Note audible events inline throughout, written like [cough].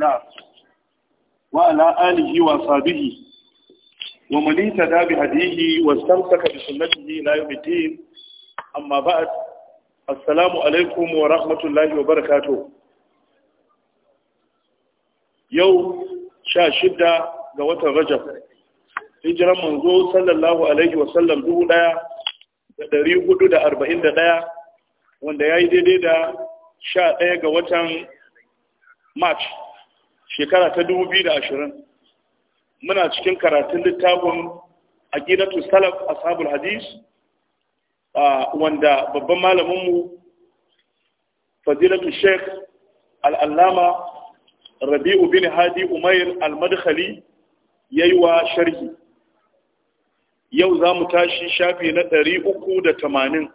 النار وعلى آله وصحبه ومن اهتدى بهديه واستمسك بسنته لا يوم الدين أما بعد السلام عليكم ورحمة الله وبركاته يوم شاشدة قوة الرجب hijiran manzo sallallahu alaihi wasallam dubu ɗaya da ɗari hudu da arba'in da ɗaya wanda ya yi daidai da sha ɗaya ga watan march shekara ta dubu biyu da ashirin muna cikin karatun littafin aqidatu salaf ashabul hadis wanda babban malaminmu fadilatu sheikh al'allama rabi'u bin hadi umair al-madkhali yi wa sharhi yau za mu tashi shafi na ɗari uku da tamanin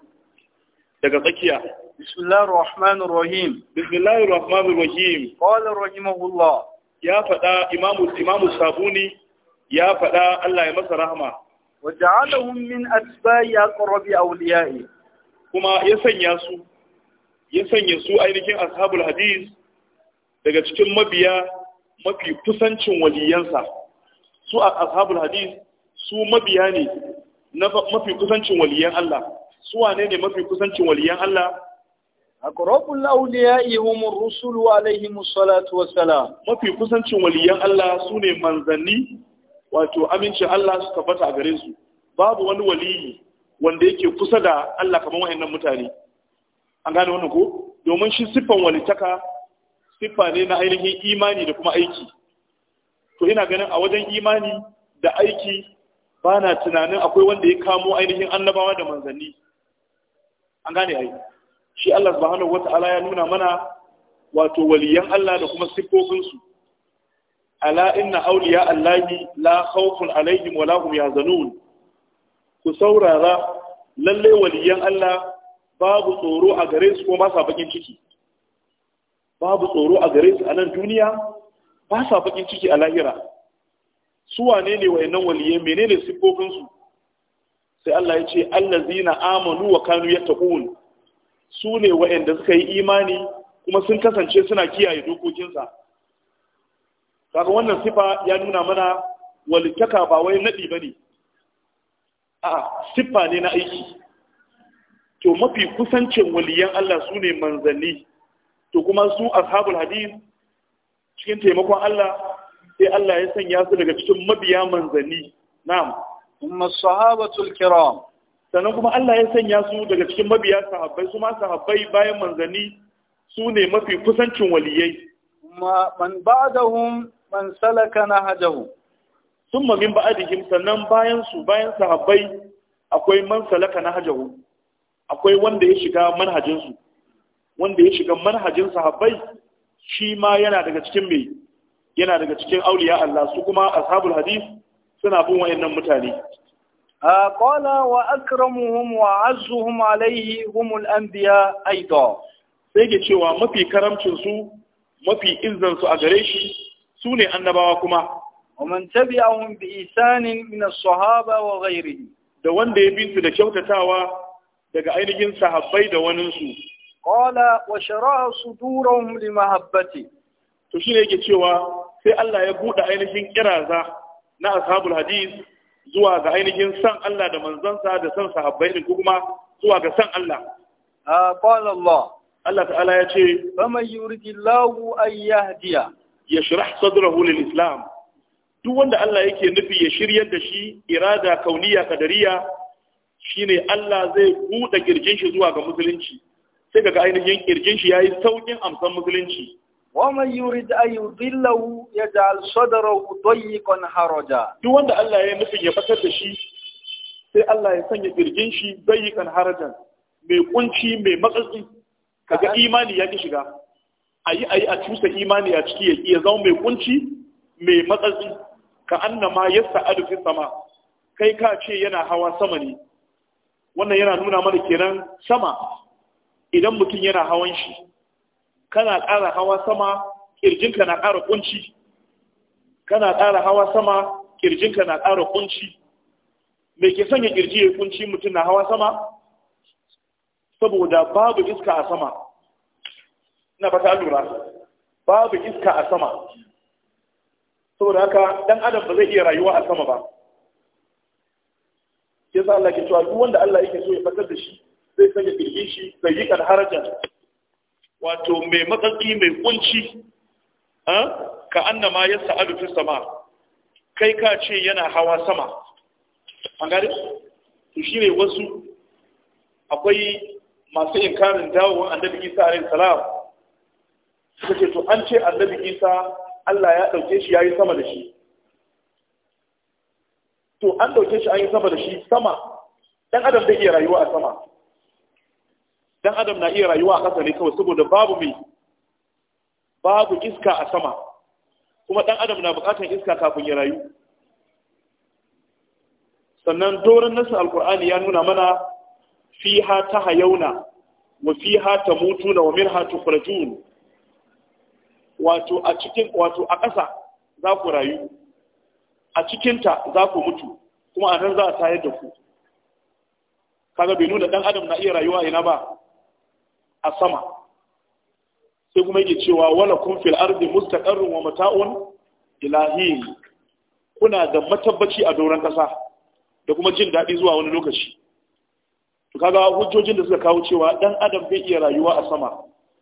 daga tsakiya بسم الله الرحمن الرحيم بسم الله الرحمن الرحيم قال رحمه الله يا فدا امام الامام الصابوني يا فدا الله يمس رحمه وجعلهم من اتباع اقرب اوليائه كما يسنيا سو يسنيا su ainihin ashabul hadis daga cikin mabiya mafi kusancin waliyansa su ashabul hadis su mabiya ne na mafi kusancin waliyan Allah su wane ne mafi kusancin waliyan Allah aqrabul awliya'i humur rusul wa alaihimus salatu wassalam mafi kusancin waliyan Allah sune manzanni wato amincin Allah su tabbata a gare su babu wani waliyi wanda yake kusa da Allah kamar wayannan mutane an gane wannan ko domin shi siffan walitaka siffa ne na ainihin imani da kuma aiki to ina ganin a wajen imani da aiki ba tunanin akwai wanda ya kamo ainihin annabawa da manzanni an gane aiki shi Allah subhanahu wata'ala ya nuna mana wato waliyan Allah da kuma siffofinsu ala inna awliya allahi la khawfun alaihim wa hum yahzanun ku saurara lalle waliyan Allah babu tsoro a gare su ko ba sa bakin ciki babu tsoro a gare su a nan duniya ba sa bakin ciki a lahira su wane ne wayannan waliyai menene siffofin su sai Allah ya ce allazina amanu wa kanu yattaqun su ne wayanda suka yi imani kuma sun kasance suna kiyaye dokokinsa kaga wannan sifa ya nuna mana walittaka ba wai naɗi ba ne a siffa ne na aiki to mafi kusancin waliyan Allah su ne manzanni to kuma su ashabul hadis cikin taimakon Allah sai Allah ya sanya su daga cikin mabiya manzanni na'am kuma sahabatul kiram sannan kuma Allah ya sanya su daga cikin mabiya sahabbai su ma sahabbai bayan manzani su ne mafi kusancin waliyai man ba'dahum man salaka nahajahu thumma min ba'dihim sannan bayan su bayan sahabbai akwai man salaka nahajahu akwai wanda ya shiga manhajin su wanda ya shiga manhajin sahabbai shi ma yana daga cikin mai yana daga cikin auliya Allah su kuma ashabul hadith suna bin wayannan mutane قال وأكرمهم وعزهم عليه هم الأنبياء أيضا سيجي شوى ما في su شنسو ما في إذن سأجريشي سوني أنباوكما ومن تبعهم بإحسان من الصحابة وغيره da wanda ya bintu da kyautatawa daga ainihin sahabbai da waninsu. Qala wa shara'a sudurahum li mahabbati. To shine yake cewa sai Allah ya buɗe ainihin kiraza na ashabul hadis zuwa ga ainihin san Allah da manzansa da san sahabbai da kuma zuwa ga san Allah ah, qala Allah Allah ta'ala ya ce faman yuridillahu an yahdiya yashrah sadrahu lil islam duk wanda Allah yake nufi ya shiryar da shi irada kauniya kadariya shine Allah zai buɗe kirjin shi zuwa ga musulunci sai ga ainihin kirjin shi yayi saukin amsan musulunci ومن يريد أن يضله يجعل صدره ضيقا حرجا duk wanda Allah ya nufin ya batar da shi sai Allah ya sanya kirgin shi ضيقا harajan mai kunci mai matsatsi kaga imani ya ki shiga ayi ayi a cusa imani a ciki ya zama mai kunci mai matsatsi ka annama yasta fi sama kai ka ce yana hawa sama ne wannan yana nuna mana kenan sama idan mutum yana hawan shi kana ƙara hawa sama kirjinka na ƙara kunci kana ƙara hawa sama ka na ƙara kunci me ke sanya kirji ya kunci mutum na hawa sama saboda babu iska a sama ina ba ta lura babu iska a sama saboda haka dan adam ba zai iya rayuwa a sama ba yasa Allah ke cewa duk wanda Allah yake so ya fatar da shi zai sanya kirji shi zai yi kan harajan wato mai matsatsi mai kunci ka annama ya sa'adu fi sama kai ka ce yana hawa sama an gari to shi ne wasu akwai masu inkarin dawowar annabi isa alayhi salam suka ce to an ce annabi isa allah ya ɗauke shi ya yi sama da shi to an ɗauke shi an yi sama da shi sama ɗan adam bai iya rayuwa a sama dan adam na iya rayuwa a ƙasa ne kawai saboda babu mai babu iska a sama kuma dan adam na buƙatar iska kafin ya rayu sannan doron nasu alkur'ani ya nuna mana fiha ta hayauna wa ha ta na wa minha tukhrajun wato a cikin wato a ƙasa za ku rayu a cikinta za ku mutu kuma a nan za a tayar da ku kaga bai nuna dan adam na iya rayuwa ina ba a sama sai kuma yake cewa wala kun fil ardi mustaqarrun wa mata'un ilahi kuna da matabbaci a doron kasa da kuma jin daɗi zuwa wani lokaci to kaga hujjojin da suka kawo cewa dan adam zai iya rayuwa a sama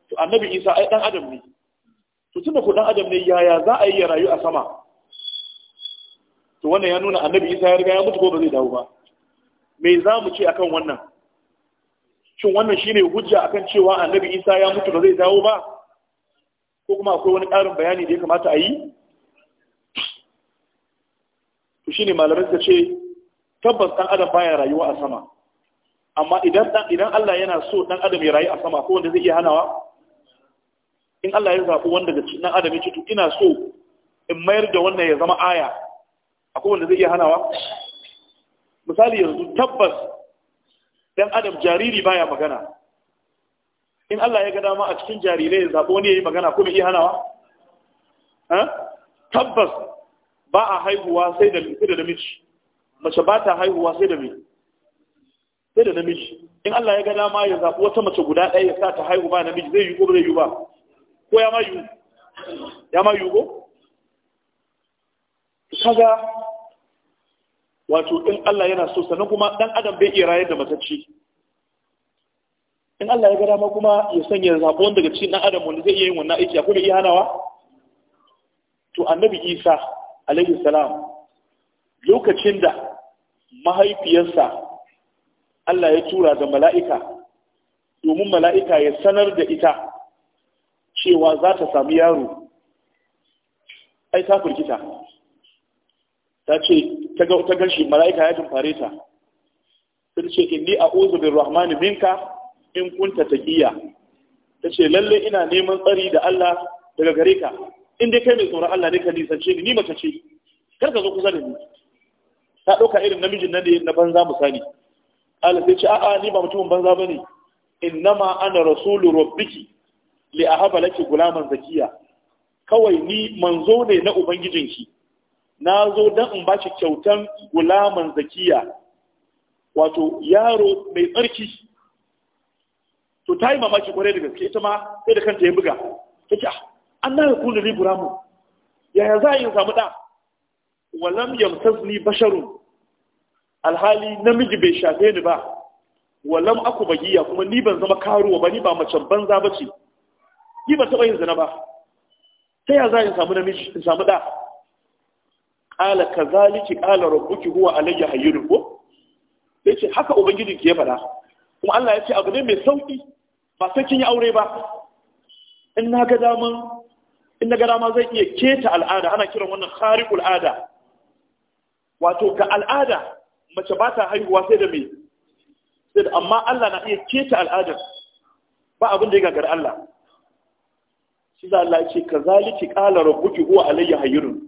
to annabi isa ai dan adam ne to tunda ko dan adam ne yaya za a yi ya rayu a sama to wannan ya nuna annabi isa ya riga ya mutu ko ba zai dawo ba me za mu ce akan wannan shin wannan shine hujja akan cewa annabi isa ya mutu ba zai dawo ba ko kuma akwai wani ƙarin bayani da ya kamata a yi to shine malamai suka ce tabbas ɗan adam baya rayuwa a sama amma idan idan Allah yana so ɗan adam ya rayu a sama ko wanda zai iya hanawa in Allah ya zaɓi wanda da cikin adam ya ce to ina so in mayar da wannan ya zama aya akwai wanda zai iya hanawa misali yanzu tabbas dan adam jariri baya magana in Allah ya ga dama a cikin jarirai ya zaɓo ne ya yi magana kuma iya hanawa tabbas ba a haihuwa sai da namiji mace ba ta haihuwa sai da sai da namiji in Allah ya ga dama ya zaɓi wata mace guda ɗaya ya sa ta haihu ba namiji zai yi ko zai yi ba ko ya ma yi ya ma yi ko kaga wato in Allah yana so sannan kuma dan adam bai iya rayar da matacci in Allah ya ga dama kuma ya sanya zaɓon daga cikin dan adam wanda zai iya yin wannan aiki akwai mai iya hanawa to annabi Isa alaihi salam lokacin da mahaifiyarsa Allah ya tura da mala'ika domin mala'ika ya sanar da ita cewa za ta sami yaro ai ta firgita ta ce ta ganshi mala'ika ya fare ta sun ce indi a uzubin rahmani minka in kunta ta giya. ta ce lalle ina neman tsari da Allah daga gare ka in kai mai tsoron Allah ne ka nisance ni ni mace ce kar zo kusa da ni ta ɗauka irin namijin nan da yin na banza misali Allah sai ce a'a ni ba mutumin banza ba ne In nama ana rasulu rabbiki li ahaba laki gulaman zakiya kawai ni manzo ne na ubangijinki na zo don in ba shi kyautan gulaman zakiya wato yaro mai tsarki to ta yi mamaki kwarai da gaske ita ma sai da kanta ya buga ta ce ah, an na yakunu li mu. yaya za a yi samu ɗa walam yamtazni basharun alhali namiji bai shafe ni ba walam aku bagiya kuma ni ban zama karuwa ba ni ba mace banza ba ce ni ba taɓa yin zina ba ta yaya za a yi samu namiji in samu ɗa qala kazalika qala rabbuki huwa alayya hayyun ko yace haka ubangiji ke fara kuma Allah ya ce abu ne mai sauki ba sai kin yi aure ba in na ga dama in na ga dama zai iya keta al'ada ana kiran wannan khariqul ada wato ga al'ada mace ba ta haihuwa sai da me. sai da amma Allah na iya keta al'adar ba abin da ya gagar Allah shi za Allah ce ka zaliki ƙala rabbuki huwa alayya hayyun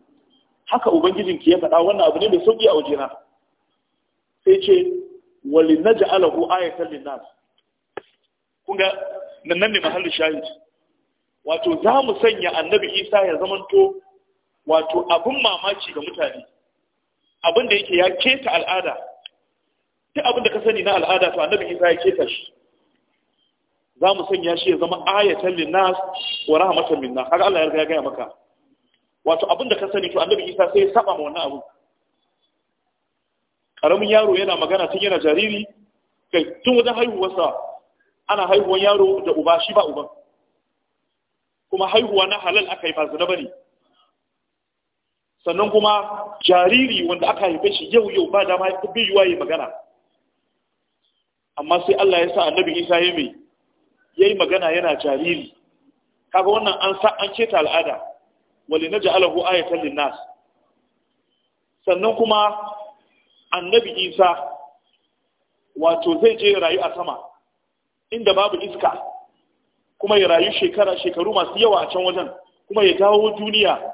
haka ubangijinki ya faɗa wannan abu ne mai sauƙi a wajena sai ce wali na ja'alahu ayatan linnas kun ga nan ne mahallin shahid wato za mu sanya annabi isa ya zamanto wato abin mamaki ga mutane abin da yake ya keta al'ada duk abin da ka sani na al'ada to annabi isa ya keta shi za mu sanya shi ya zama ayatan linnas wa rahmatan minna har Allah ya riga ya gaya maka wato abin da ka sani to annabi isa sai ya saba ma wannan abu karamin yaro yana magana tun yana jariri kai tun wajen haihuwarsa ana haihuwar yaro da uba shi ba uban kuma haihuwa na halal aka yi ba ba ne. sannan kuma jariri wanda aka haife shi yau yau ba dama ya fi yi magana amma sai Allah ya sa annabi Isa ya mai yayi magana yana jariri kaga wannan an sa an keta al'ada wali na ja'alahu ayatan linnas sannan kuma annabi isa wato zai je rayu a sama inda babu iska kuma ya rayu shekara shekaru masu yawa a can wajen kuma ya dawo duniya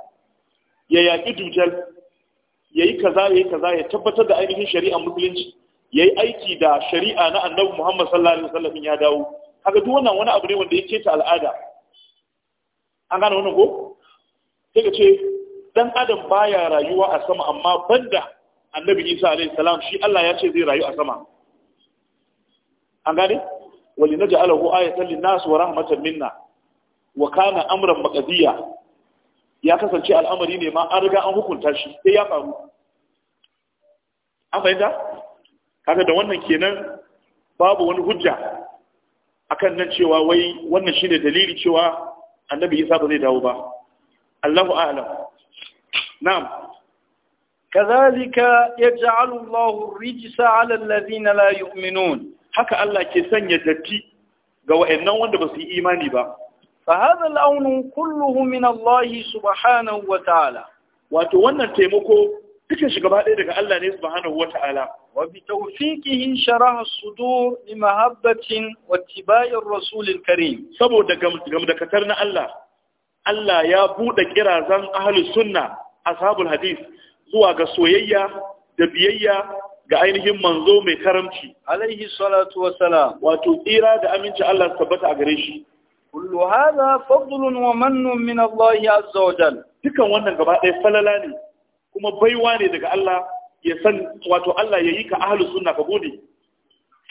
ya yaƙi dujal ya yi kaza ya yi kaza ya tabbatar da ainihin shari'a musulunci ya yi aiki da shari'a na annabi muhammad sallallahu alaihi wasallam ya dawo haka duk wannan wani abu ne wanda ya ta al'ada an gane wannan ko sai ce dan adam baya rayuwa a sama amma banda annabi isa alaihi salam shi Allah ya ce zai rayu a sama an gane wani wali naj'alahu ayatan lin-nas wa rahmatan minna wa kana amran maqdiya ya kasance al'amari ne ma an riga an hukunta shi sai ya faru an fahimta kaga da wannan kenan babu wani hujja akan nan cewa wai wannan shine dalili cewa annabi isa ba zai dawo ba Allahu a'lam na'am kazalika yaj'alu Allahu rijsa 'ala alladhina la yu'minun haka Allah ke sanya datti ga wayannan wanda ba su yi imani ba fa hadha al-aunu kulluhu min Allah subhanahu wa wato wannan taimako duka shi gaba ɗaya daga Allah ne subhanahu wa ta'ala wa bi tawfiqihi sharaha sudur li mahabbatin wa tibai ar-rasul al-karim saboda gamdakatar na Allah Allah ya buɗe kirazan ahlus sunna ashabul hadis zuwa ga soyayya da biyayya ga ainihin manzo mai karamci alaihi salatu wassalam wato tsira da aminci Allah su tabbata a gare shi kullu hadha fadlun wa mannun min Allah azza wa jal dukan wannan gaba ɗaya falala ne kuma baiwa ne daga Allah ya san wato Allah ya yi ka ahlus sunna ka gode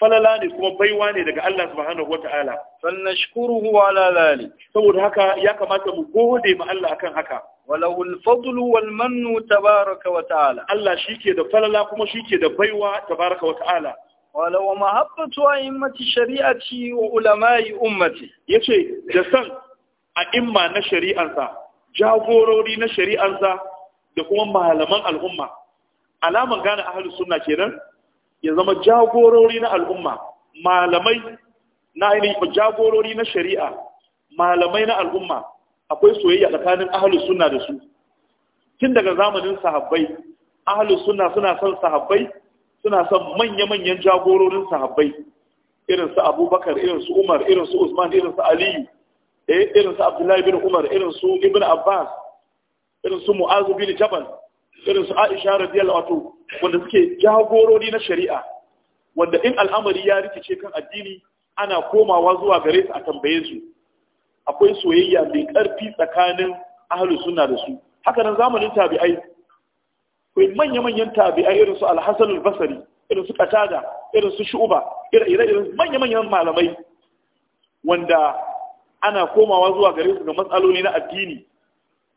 falala ne kuma baiwa ne daga Allah subhanahu wata'ala fannashkuruhu ala zalik saboda haka ya kamata mu gode ma Allah akan haka walahu alfadlu wal mannu tabaraka wa Allah shike da falala kuma shike da baiwa tabaraka wa ta'ala mahabbatu a'immati shari'ati wa ulama'i ummati yace da san a'imma na shari'ansa jagorori na shari'ansa da kuma malaman al'umma alaman gane ahlus sunna kenan ya zama jagorori na al'umma malamai na ainihin jagorori na shari'a malamai na al'umma akwai soyayya tsakanin ahalus sunna da su tun daga zamanin sahabbai ahalus sunna suna son sahabbai suna son manya-manyan jagororin sahabbai irin su abubakar irin su umar irin su usman irin su aliyu eh, irin su abdullahi bin umar irin su ibn abbas irin su mu'azu bin jabal irin su Aisha radiyallahu wato wanda suke jagorori na shari'a wanda in al'amari ya rikice kan addini ana komawa zuwa gare su a tambaye su akwai soyayya mai karfi tsakanin ahlus sunna da su haka nan zamanin tabi'ai kai manya-manyan tabi'ai irin su al-Hasan al-Basri irin su Qatada irin su Shu'ba irin manya-manyan malamai wanda ana komawa zuwa gare su ga matsaloli na addini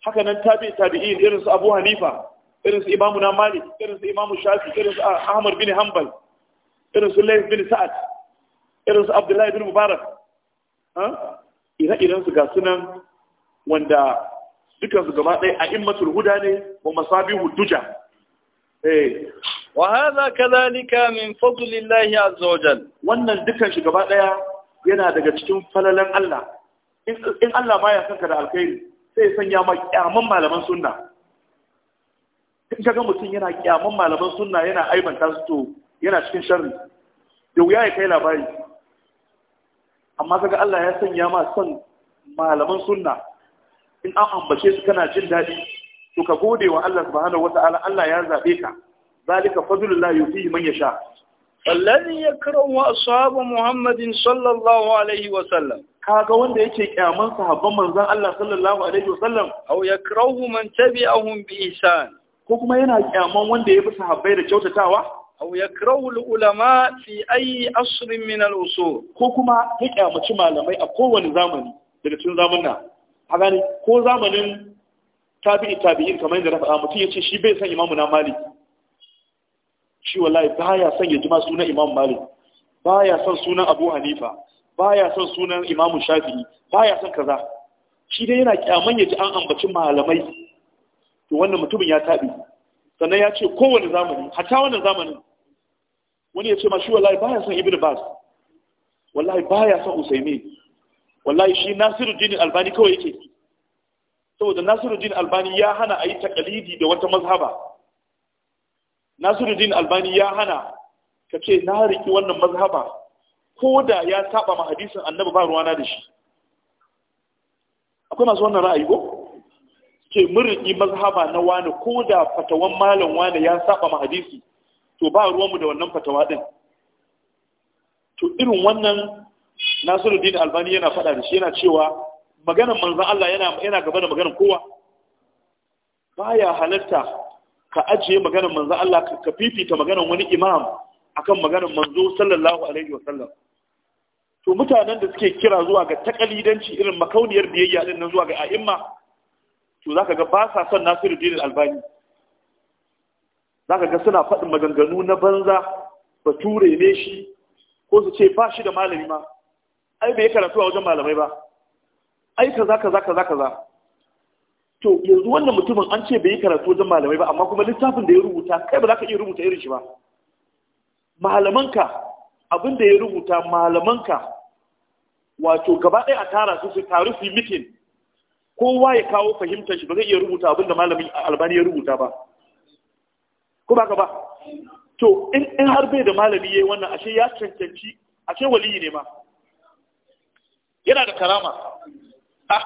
haka nan tabi tabi'in irin su Abu Hanifa irin su imamu na malik irin su imamu shafi irin su ahmad bin hanbal irin su laif bin sa'ad irin su abdullahi bin mubarak ire-iren su ga sunan wanda dukansu gaba ɗaya a immatul huda ne wa masabi duja ka كذلك من min fadlillahi a وجل wannan dukan shi gaba ɗaya yana daga cikin falalan Allah in Allah baya son ka da alkhairi sai sanya ma kyaman malaman sunna in ka ga mutum yana kyaman malaman sunna yana aibanta su to yana cikin sharri da wuya ya kai labari amma kaga Allah ya sanya ma son malaman sunna in an ambace su kana jin daɗi to ka gode wa Allah subhanahu wata'ala Allah ya zabe ka zalika fadlullahi yufihi man yasha الذي يكره أصحاب محمد صلى الله عليه وسلم kaga wanda yake kyaman sahabban manzon Allah sallallahu alaihi wasallam aw yakrahu man tabi'ahum bi ihsan ko kuma yana kyaman wanda ya fi sahabbai da kyautatawa aw yakrahu ulama fi ayi asrin min al ko kuma ya kyamaci malamai a kowane zamani daga cikin zamanna a gani ko zamanin tabi'i tabi'in kamar yadda na faɗa mutum ya ce shi bai san imamu na malik shi wallahi baya son ya jima sunan imam malik baya son sunan abu hanifa baya son sunan imamu shafi'i baya son kaza shi dai yana kyaman ya ji an ambaci malamai to wannan mutumin ya taɓi sannan ya ce kowane zamani hatta wannan zamanin wani ya ce ma shi wallahi baya son ibn bas wallahi baya son usaimi wallahi shi nasiruddin albani kawai yake saboda nasiruddin albani ya hana a yi takalidi da wata mazhaba nasiruddin albani ya hana ka ce na riki wannan mazhaba ko da ya saba ma hadisin annabi ba ruwana da shi akwai masu wannan ra'ayi ko ke muriki mazhaba na wani ko da fatawan malam wani ya saba ma hadisi to ba ruwanmu da wannan fatawa din to irin wannan Nasiruddin Albani yana faɗa da shi yana cewa maganar manzon Allah yana yana gaba da maganar kowa baya halatta ka ajiye maganar manzon Allah ka fifita maganar wani imam akan maganar manzo sallallahu alaihi wasallam to mutanen da suke kira zuwa ga takalidanci irin makauniyar biyayya din nan zuwa ga a'imma to za ka ga ba sa son nasiru dinin albani za ka ga suna faɗin maganganu na banza ba ture ne shi ko su ce ba shi da malami ma ai bai karatu a wajen malamai ba ai kaza kaza kaza kaza to yanzu wannan mutumin an ce bai karatu wajen malamai ba amma kuma littafin da ya rubuta kai ba za ka iya rubuta irin shi ba malamanka abin da ya rubuta malamanka wato gaba ɗaya a tara su su taru su yi mitin kowa ya kawo fahimtar shi ba zai iya rubuta abin da malamin albani ya rubuta ba ko ba ka ba to in har bai da malami yayi wannan ashe ya cancanci ashe waliyi ne ma yana da karama A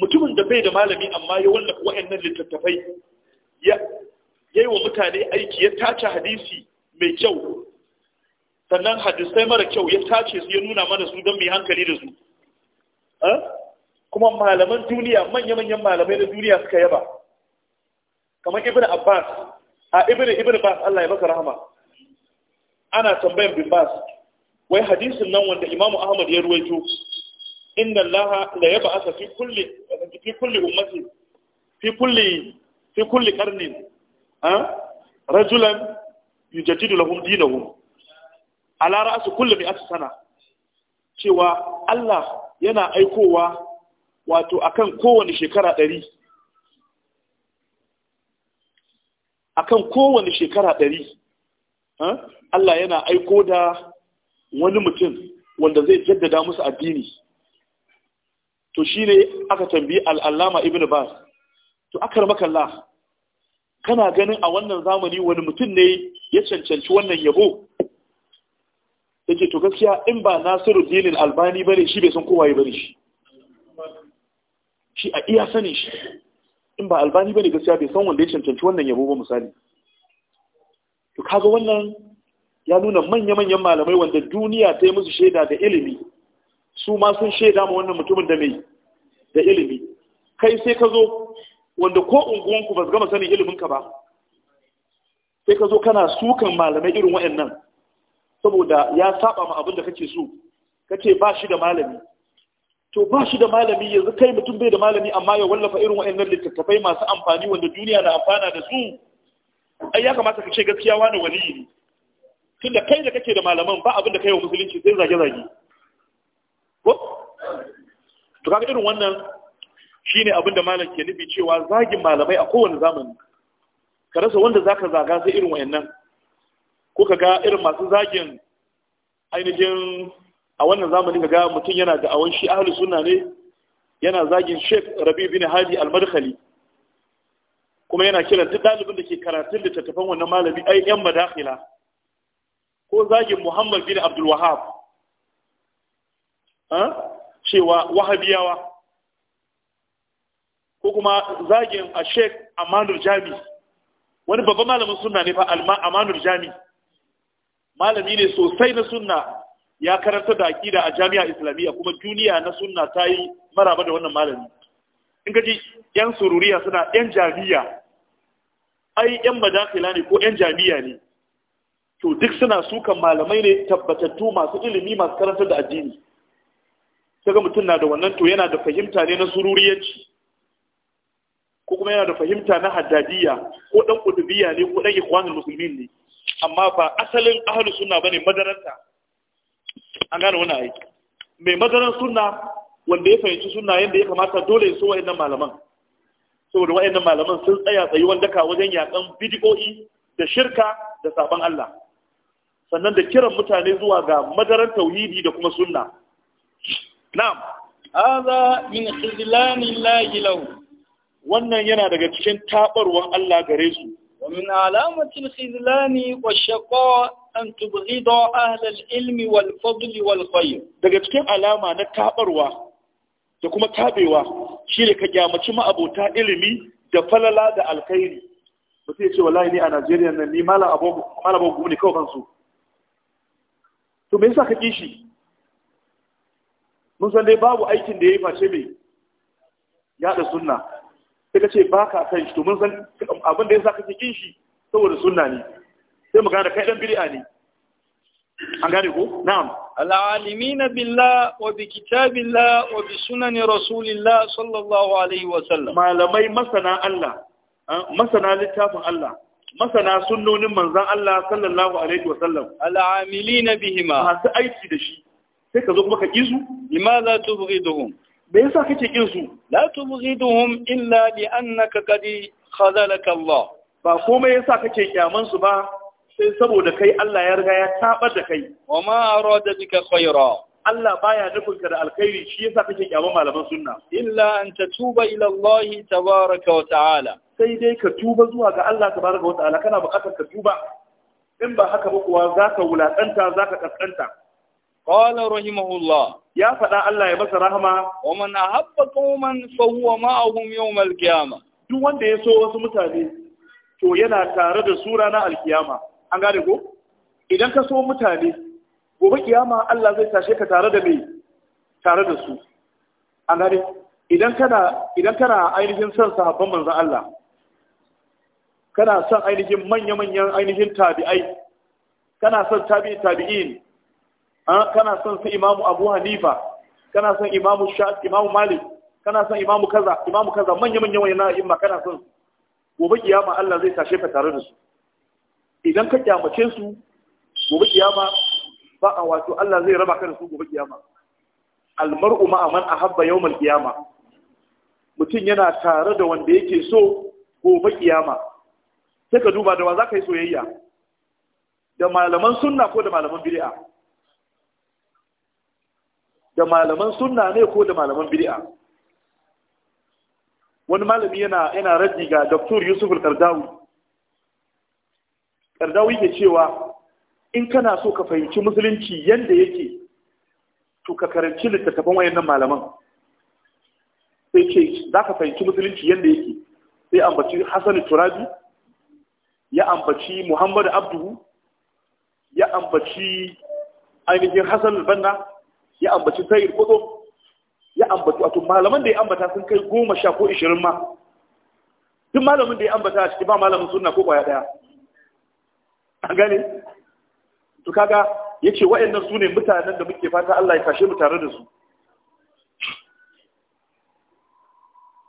mutumin da bai da malami amma ya wallafa wa'annan littattafai ya yayi wa mutane aiki ya tace hadisi mai kyau sannan hadisai mara kyau ya tace su ya nuna mana su don mai hankali da su kuma malaman duniya manya-manyan malamai na duniya suka yaba kamar ibn abbas a ibn ibn abbas Allah ya baka rahama ana tambayan bin bas wai hadisin nan wanda imamu ahmad ya ruwaito inna allah la yab'atha fi kulli fi kulli ummati fi kulli fi kulli qarnin ha rajulan yujaddidu lahum dinahum ala ra'si kulli mi'ati sana cewa Allah yana aikowa wato akan kowane shekara ɗari akan kowane shekara ɗari Allah yana aiko da wani mutum wanda zai jaddada musu addini to shi ne aka tambayi al'allama ibn bas to aka makalla kana ganin a wannan zamani wani mutum ne ya cancanci wannan yabo Da ke to gaskiya in ba nasiru dinin albani bane shi bai san kowaye bane shi shi a iya sani shi in ba albani bane gaskiya bai san wanda ya cancanci wannan yabo ba misali to kaga wannan ya nuna manya-manyan malamai wanda duniya ta yi musu shaida da ilimi su ma sun shaida ma wannan mutumin da mai da ilimi kai sai ka zo wanda ko unguwanku ba su gama sanin ka ba sai ka zo kana sukan malamai irin wa'annan saboda ya saba ma abin da kake so kace ba shi da malami to ba shi da malami yanzu kai mutum bai da malami amma ya wallafa irin wa'annan littattafai masu amfani wanda duniya na amfana da su ai ya kamata ka ce gaskiya wani wani ne tunda kai da kake da malaman ba abin da kai wa musulunci sai zage-zage ko to kaga irin wannan shine abin da malam ke nufi cewa zagin malamai a kowane zamani ka rasa wanda zaka zaga sai irin wa'annan, ko ka ga irin masu zagin ainihin a wannan zamanin ga mutum yana da awon shi ahli suna ne yana zagin Sheik Rabi bin Hadi al-Madkhali kuma yana kiran duk dalibin da ke karatun littattafan wannan malami ai yan madakhila ko zagin Muhammad bin Abdul ha cewa wahabiyawa ko kuma zagin a Sheik Amanul Jami wani babban malamin sunna ne fa Amanul Jami malami ne sosai na sunna ya karanta da aƙida a jami'a islamiyya kuma duniya na sunna ta yi maraba da wannan malami in ka yan sururiya suna yan jami'a ai yan madakila ne ko yan jami'a ne to duk suna sukan malamai ne tabbatattu masu ilimi masu karanta da addini kaga mutum na da wannan to yana da fahimta ne na sururiyanci ko kuma yana da fahimta na haddadiya ko dan kudubiya ne ko dan ikhwanul muslimin ne amma ba asalin ahlus sunna bane madaranta an gane wani aiki mai madaran suna wanda ya fahimci suna yadda ya kamata dole su wa'in nan malaman saboda nan malaman sun tsaya tsayi wanda ka wajen yakan bidi'o'i da shirka da saban Allah sannan da kiran mutane zuwa ga madaran tauhidi da kuma suna. na'am hadha min khizlanillahi lahu wannan yana daga cikin tabarwan Allah gare su wa min alamatil khizlani wa shaqa an da ahlal ilmi wal fadli wal khair daga cikin alama na tabarwa da kuma tabewa shine ka gyamaci ma'abota ilimi da falala da alkhairi ba sai ce wallahi ni a Najeriya nan ni mala abu mala abu ne kawai kansu to me yasa ka kishi? mun san dai babu aikin da yayi face mai yada sunna sai ka ce baka san shi to mun san abin da yasa kake kishi saboda sunna ne sai mu gane kai dan bid'a ne an gane ko na'am al'alimina billah wa bi kitabillah wa bi sunani rasulillah sallallahu alaihi wa sallam malamai masana Allah eh, masana littafin Allah masana sunnonin manzon Allah sallallahu alaihi wa sallam al'amilina bihima masu aiki da shi sai ka zo kuma ka kisu limaza tubghiduhum me yasa kake kin su la tubghiduhum illa li annaka qad khazalaka Allah ba komai yasa kake kyaman su ba sai saboda kai Allah ya riga ya tabar da kai wa ma arada bika khaira Allah baya nufin ka da alkhairi shi yasa kake kyaman malaman sunna illa an tatuba ila Allah tabaraka wa ta'ala sai dai ka tuba zuwa ga Allah tabaraka wa ta'ala kana buƙatar ka tuba in ba haka ba kuwa zaka wulakanta zaka kaskanta qala rahimahullah ya faɗa Allah ya masa rahama wa man ahabba qauman fa huwa ma'ahum yawm al-qiyamah duk wanda ya so wasu mutane to yana tare da su ranar alkiyama an gane ko idan ka so mutane gobe kiyama Allah zai tashe ka tare da mai tare da su an gane idan kana idan kana ainihin son sahabban manzo Allah kana son ainihin manya-manyan ainihin tabi'ai kana son tabi'i tabi'in kana son su imamu Abu Hanifa kana son imamu Shafi imamu Malik kana son imamu kaza imamu kaza manya-manyan wayannan imma kana son gobe kiyama Allah zai tashe ka tare da su idan ka kyamace su gobe kiyama ba a wato Allah zai raba ka da su gobe kiyama almar'u ma'a man ahabba yawmal kiyama mutum yana tare da wanda yake so gobe kiyama sai ka duba da wa za ka yi soyayya da malaman sunna ko da malaman bid'a da malaman sunna ne ko da malaman bid'a wani malami yana yana ga Dr. Yusuf Al-Qardawi sardawi ke cewa in kana so ka fahimci musulunci yadda yake to ka karanci littattafan wayannan malaman sai ce za ka fahimci musulunci yadda yake sai ambaci hassan turabi ya ambaci muhammadu abduhu ya ambaci ainihin hassan banna ya ambaci sayir kudu ya ambaci wato malaman da ya ambata sun kai goma sha ko ishirin ma duk malamin da ya ambata a ciki ba malamin suna ko kwaya daya a gane to kaga yace wa'annan su ne mutanen da muke fata Allah ya kashe mu tare da su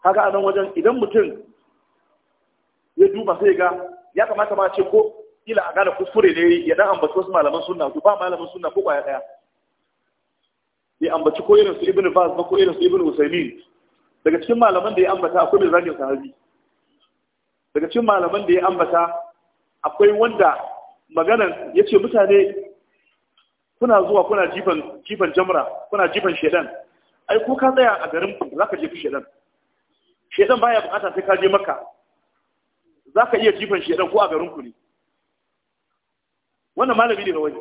kaga anan wajen idan mutum ya duba sai ga ya kamata ma ce ko kila a gane kuskure ne ya dan ambaci wasu malaman sunna ko ba malaman sunna ko kwaya daya Ya ambaci ko irin su ibnu baz ba ko irin su ibnu usaymin daga cikin malaman da ya ambata akwai mai zagin sahabi daga cikin malaman da ya ambata akwai wanda maganan ya ce mutane kuna zuwa kuna jifan jamra kuna jifan shedan ai ko ka tsaya a garin ku za ka jefi shedan shedan baya bukata sai ka je maka za ka iya jifan shedan ko a garin ku ne wannan malami ne na waje.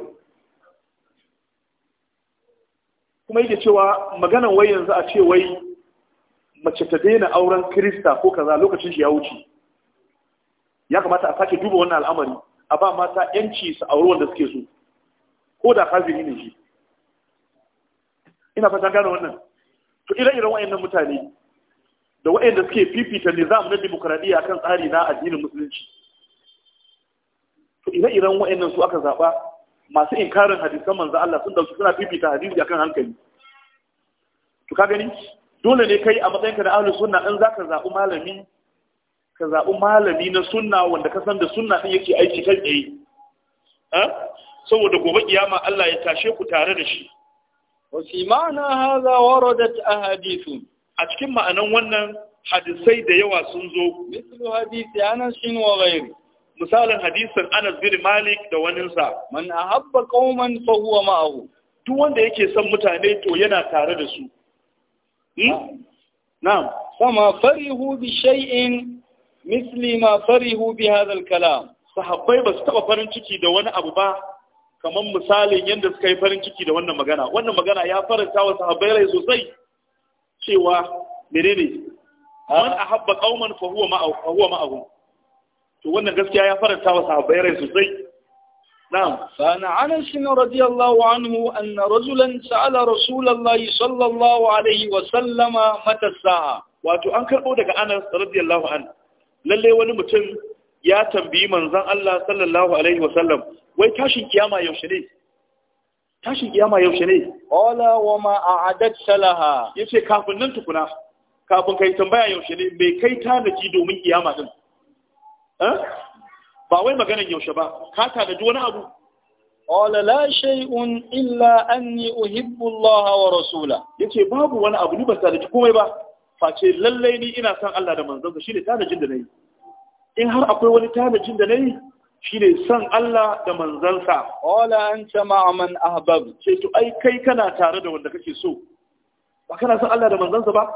kuma yake cewa maganan wai yanzu a ce wai mace ta daina auren kirista ko kaza lokacin shi ya wuce ya kamata a sake duba wannan al'amari a ba mata yanci su a ruwan da suke so ko da kazini ne shi ina fata gane wannan to ire iren wayannan mutane da wayanda suke fifita nizam na demokradiyya kan tsari na addinin musulunci to ire iren wayannan su aka zaba masu inkarin hadisan manzo Allah sun dauki suna fifita hadisi akan hankali to ka gani dole ne kai a matsayinka da ahlus sunna in zaka zabi malami ka zaɓi malami na sunna wanda ka san da sunna ɗin yake aiki kan tsaye saboda gobe kiyama Allah ya tashe ku tare da shi wa fi ma'ana hadha waradat ahadithu a cikin ma'anan wannan hadisai da yawa sun zo mislu hadisi Anas shin wa ghairi misalin hadisin Anas bin Malik da waninsa man ahabba qauman fa huwa ma'ahu duk wanda yake son mutane to yana tare da su hmm? na'am fari farihu bi shay'in misli ma farihu bi hadha kalam sahabbai ba su taba farin ciki da wani abu ba kamar misalin yadda suka yi farin ciki da wannan magana wannan magana ya faranta wa sahabbai rai sosai cewa menene man ahabba qauman fa huwa ma'a huwa ma'ahum to wannan gaskiya ya faranta wa sahabbai rai sosai نعم فأنا عنس رضي الله radiyallahu anhu رجلا سأل رسول الله صلى الله عليه وسلم متى الساعة Wato an أودك daga رضي radiyallahu anhu. lalle wani mutum ya tambayi manzan Allah sallallahu alaihi wasallam wai tashin kiyama yaushe ne tashin kiyama yaushe ne qala wa ma a'adatta Ya ce kafin nan tukuna kafin kai tambaya yaushe ne bai kai tanaji domin kiyama din ba wai maganan yaushe ba ka tanaji wani abu qala la shay'un illa anni uhibbu Allah wa rasula yace babu wani abu ni ba tanaji komai ba face lallai ni ina son Allah da manzansa shine tanajin da nayi in har akwai wani tanajin da nayi shine son Allah da manzansa wala an ce man ahbab ce to ai kai kana tare da wanda kake so ba kana son Allah da manzansa ba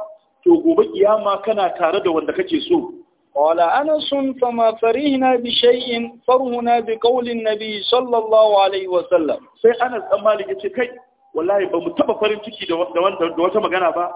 to gobe kiyama kana tare da wanda kake so bi shayin قال أنس فما فرحنا بشيء فرحنا بقول النبي صلى الله عليه وسلم سي أنس أما لك كي والله بمتبه فرن تكي da wata magana ba.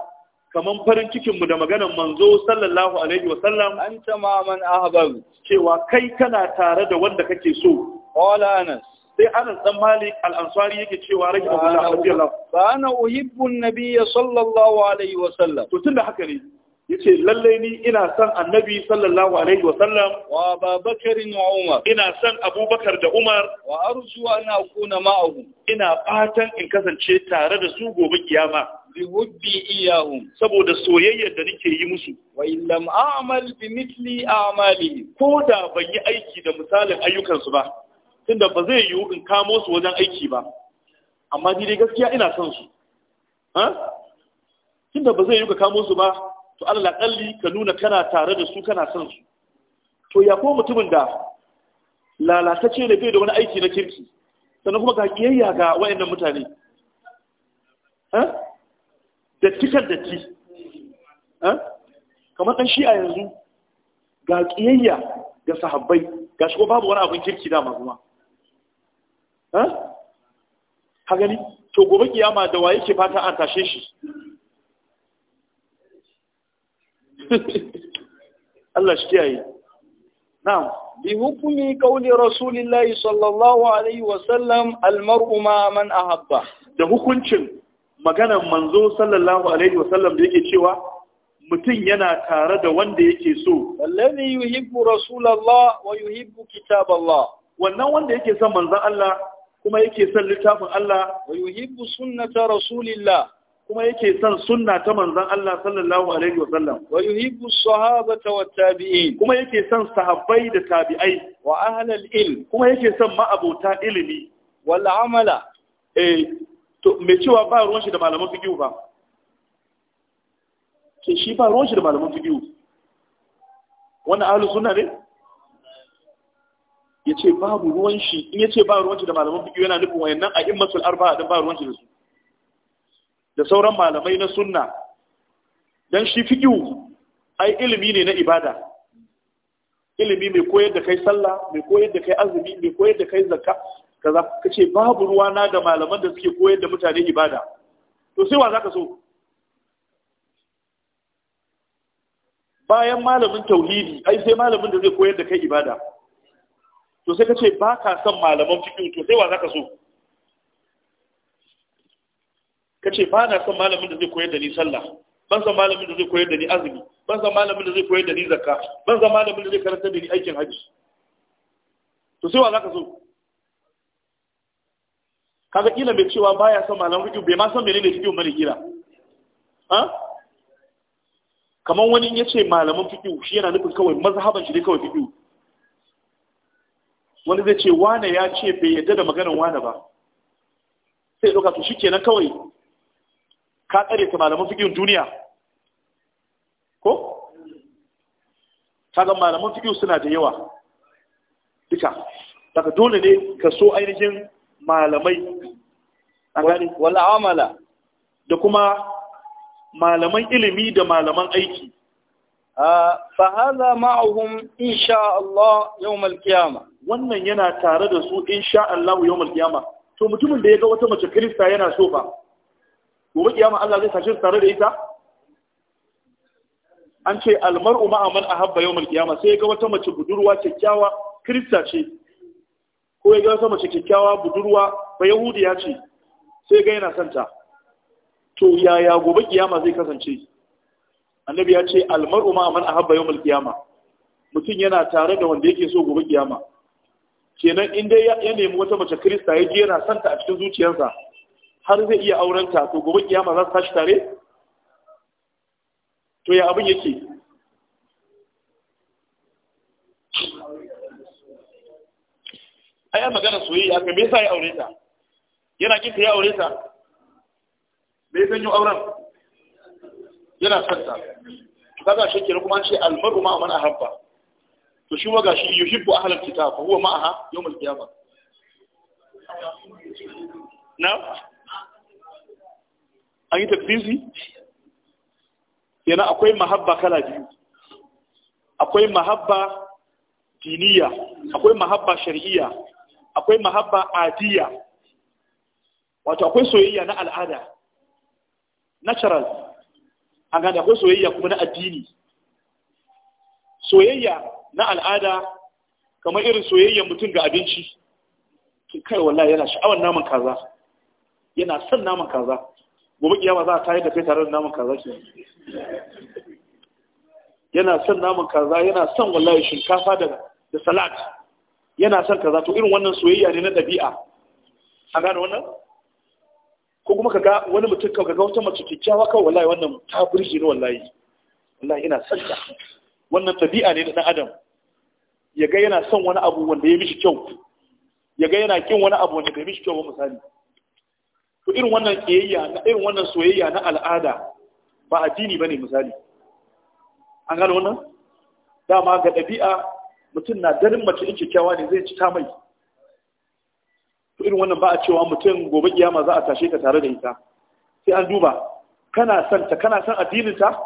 kaman farin cikinmu da maganar manzo sallallahu alaihi wa sallam anta ma man ahbabu cewa kai kana tare da wanda kake so qala anas sai anas dan malik al-ansari yake cewa rahimahullah radiyallahu fa ana uhibbu an-nabiy sallallahu alaihi wa sallam to tunda haka ne yace lalle ni ina son annabi sallallahu alaihi wasallam wa babakar wa umar ina son abubakar da umar wa arju an akuna ma'ahu ina fatan in kasance tare da su gobe kiyama li hubbi iyahum saboda soyayyar da nake yi musu wa illam a'mal bi mithli a'mali ko da ban yi aiki da misalin ayyukan su ba tunda ba zai yiwu in kamo su wajen aiki ba amma ni dai gaskiya ina son su ha tunda ba zai yiwu ka kamo su ba to Allah kalli ka nuna kana tare da su kana son su to ya ko mutumin da lalatacce ne bai da wani aiki na kirki sannan kuma ga kiyayya ga wayannan mutane ha datti datti kamar ɗan shi'a yanzu ga ƙiyayya ga sahabbai ga shi ko babu wani abin kirki dama kuma ha gani to gobe kiyama da waye ke fata an tashe shi [laughs] Allah shi kiyaye na'am bi hukumi kauli rasulillahi sallallahu alaihi wa sallam mar'u ma man ahabba da hukuncin maganan manzo sallallahu alaihi wasallam da yake cewa mutum yana tare da wanda yake so allazi yuhibbu rasulallah wa yuhibbu kitaballah wannan wanda yake son manzon Allah kuma yake son littafin Allah wa yuhibbu sunnata rasulillah kuma yake son sunna ta manzon Allah sallallahu alaihi wasallam wa yuhibbu sahabata wa tabi'in kuma yake son sahabbai da tabi'ai wa ahlal ilm kuma yake son ma'abota ilimi wal amala eh to mai cewa ba ruwan shi da malaman fiqihu ba ke shi ba ruwan shi da malaman fiqihu Wani ahalus suna ne Ya ce babu ruwan shi in ce ba ruwan shi da malaman fiqihu yana nufin wayannan a'immatul arba'a din ba ruwan shi da su da sauran malamai na sunna dan shi fiqihu ai ilimi ne na ibada ilimi mai koyar da kai sallah mai koyar da kai azumi mai koyar da kai zakka kaza kace babu ruwa na da malaman da suke koyar da mutane ibada to sai wa zaka so bayan malamin tauhidi ai sai malamin da zai koyar da kai ibada to sai kace ba ka son malaman fiqh to sai wa zaka so kace ba na son malamin da zai koyar da ni sallah ban san malamin da zai koyar da ni azumi ban san malamin da zai koyar da ni zakka ban san malamin da zai karanta da ni aikin haji to sai wa zaka so kaga kila mai cewa baya son malam fiqh bai ma san menene fiqh mali kila ha kaman wani ya ce malamin fiqh shi yana nufin kawai mazhaban shi ne kawai fiqh wani zai ce wane ya ce bai yadda da maganar wane ba sai ɗauka to shi kenan kawai ka tsare ta malaman fikin duniya ko kaga malaman fikin suna da yawa duka daga dole ne ka so ainihin malamai wal amala da kuma malaman ilimi da malaman aiki fa hadha ma'ahum insha Allah yawm al-qiyama wannan yana tare da su insha Allah yawm al-qiyama to mutumin da ya ga wata mace Kirista yana so fa gobe kiyama Allah zai sace tare da ita an ce almar'u ma'a man ahabba yawm al-qiyama sai ya ga wata mace budurwa kyakkyawa Kirista ce ko ya ga mace kyakkyawa budurwa ba yahudiya ce sai ga yana santa to yaya gobe kiyama zai kasance annabi ya ce almar'u ma man ahabba yawmal kiyama mutum yana tare da wanda yake so gobe kiyama kenan in dai ya nemi wata mace krista ya ji yana santa a cikin zuciyarsa har zai iya aurenta to gobe kiyama za su tashi tare to ya abin yake ai magana soyayya kai me yasa ya aure ta yana kinta ya aure ta me ya sanyo auren yana son ta kaga shi kenan kuma an ce almaru ma man ahabba to shi waga shi yuhibbu ahlal kitab fa huwa ma'aha yawm al-qiyamah na an yi tafsiri yana akwai mahabba kala biyu akwai mahabba diniya akwai mahabba shari'iyya akwai mahabba adiya wato akwai soyayya na al'ada natural an gane akwai soyayya kuma na addini soyayya na al'ada kamar irin soyayya mutum ga abinci kai wallahi yana sha'awar naman kaza yana son naman kaza gobe kiyama za a tayi da kai tare da naman kaza ke yana son naman kaza yana son wallahi shinkafa da da salat yana son kaza to irin wannan soyayya ne na ɗabi'a a gane wannan ko kuma kaga wani mutum ka ga wata mace kyakkyawa kawai wallahi wannan ta burge ni wallahi wallahi ina son ta wannan ɗabi'a ne na ɗan adam ya ga yana son wani abu wanda ya mishi kyau ya ga yana kin wani abu wanda ya mishi kyau ba misali to irin wannan kiyayya na irin wannan soyayya na al'ada ba addini bane misali an gano wannan dama ga ɗabi'a mutum na ganin mace in kyakkyawa ne zai ci ta mai to irin wannan ba a cewa mutum gobe kiyama za a tashe ka tare da ita sai an duba kana son ta kana son addinin ta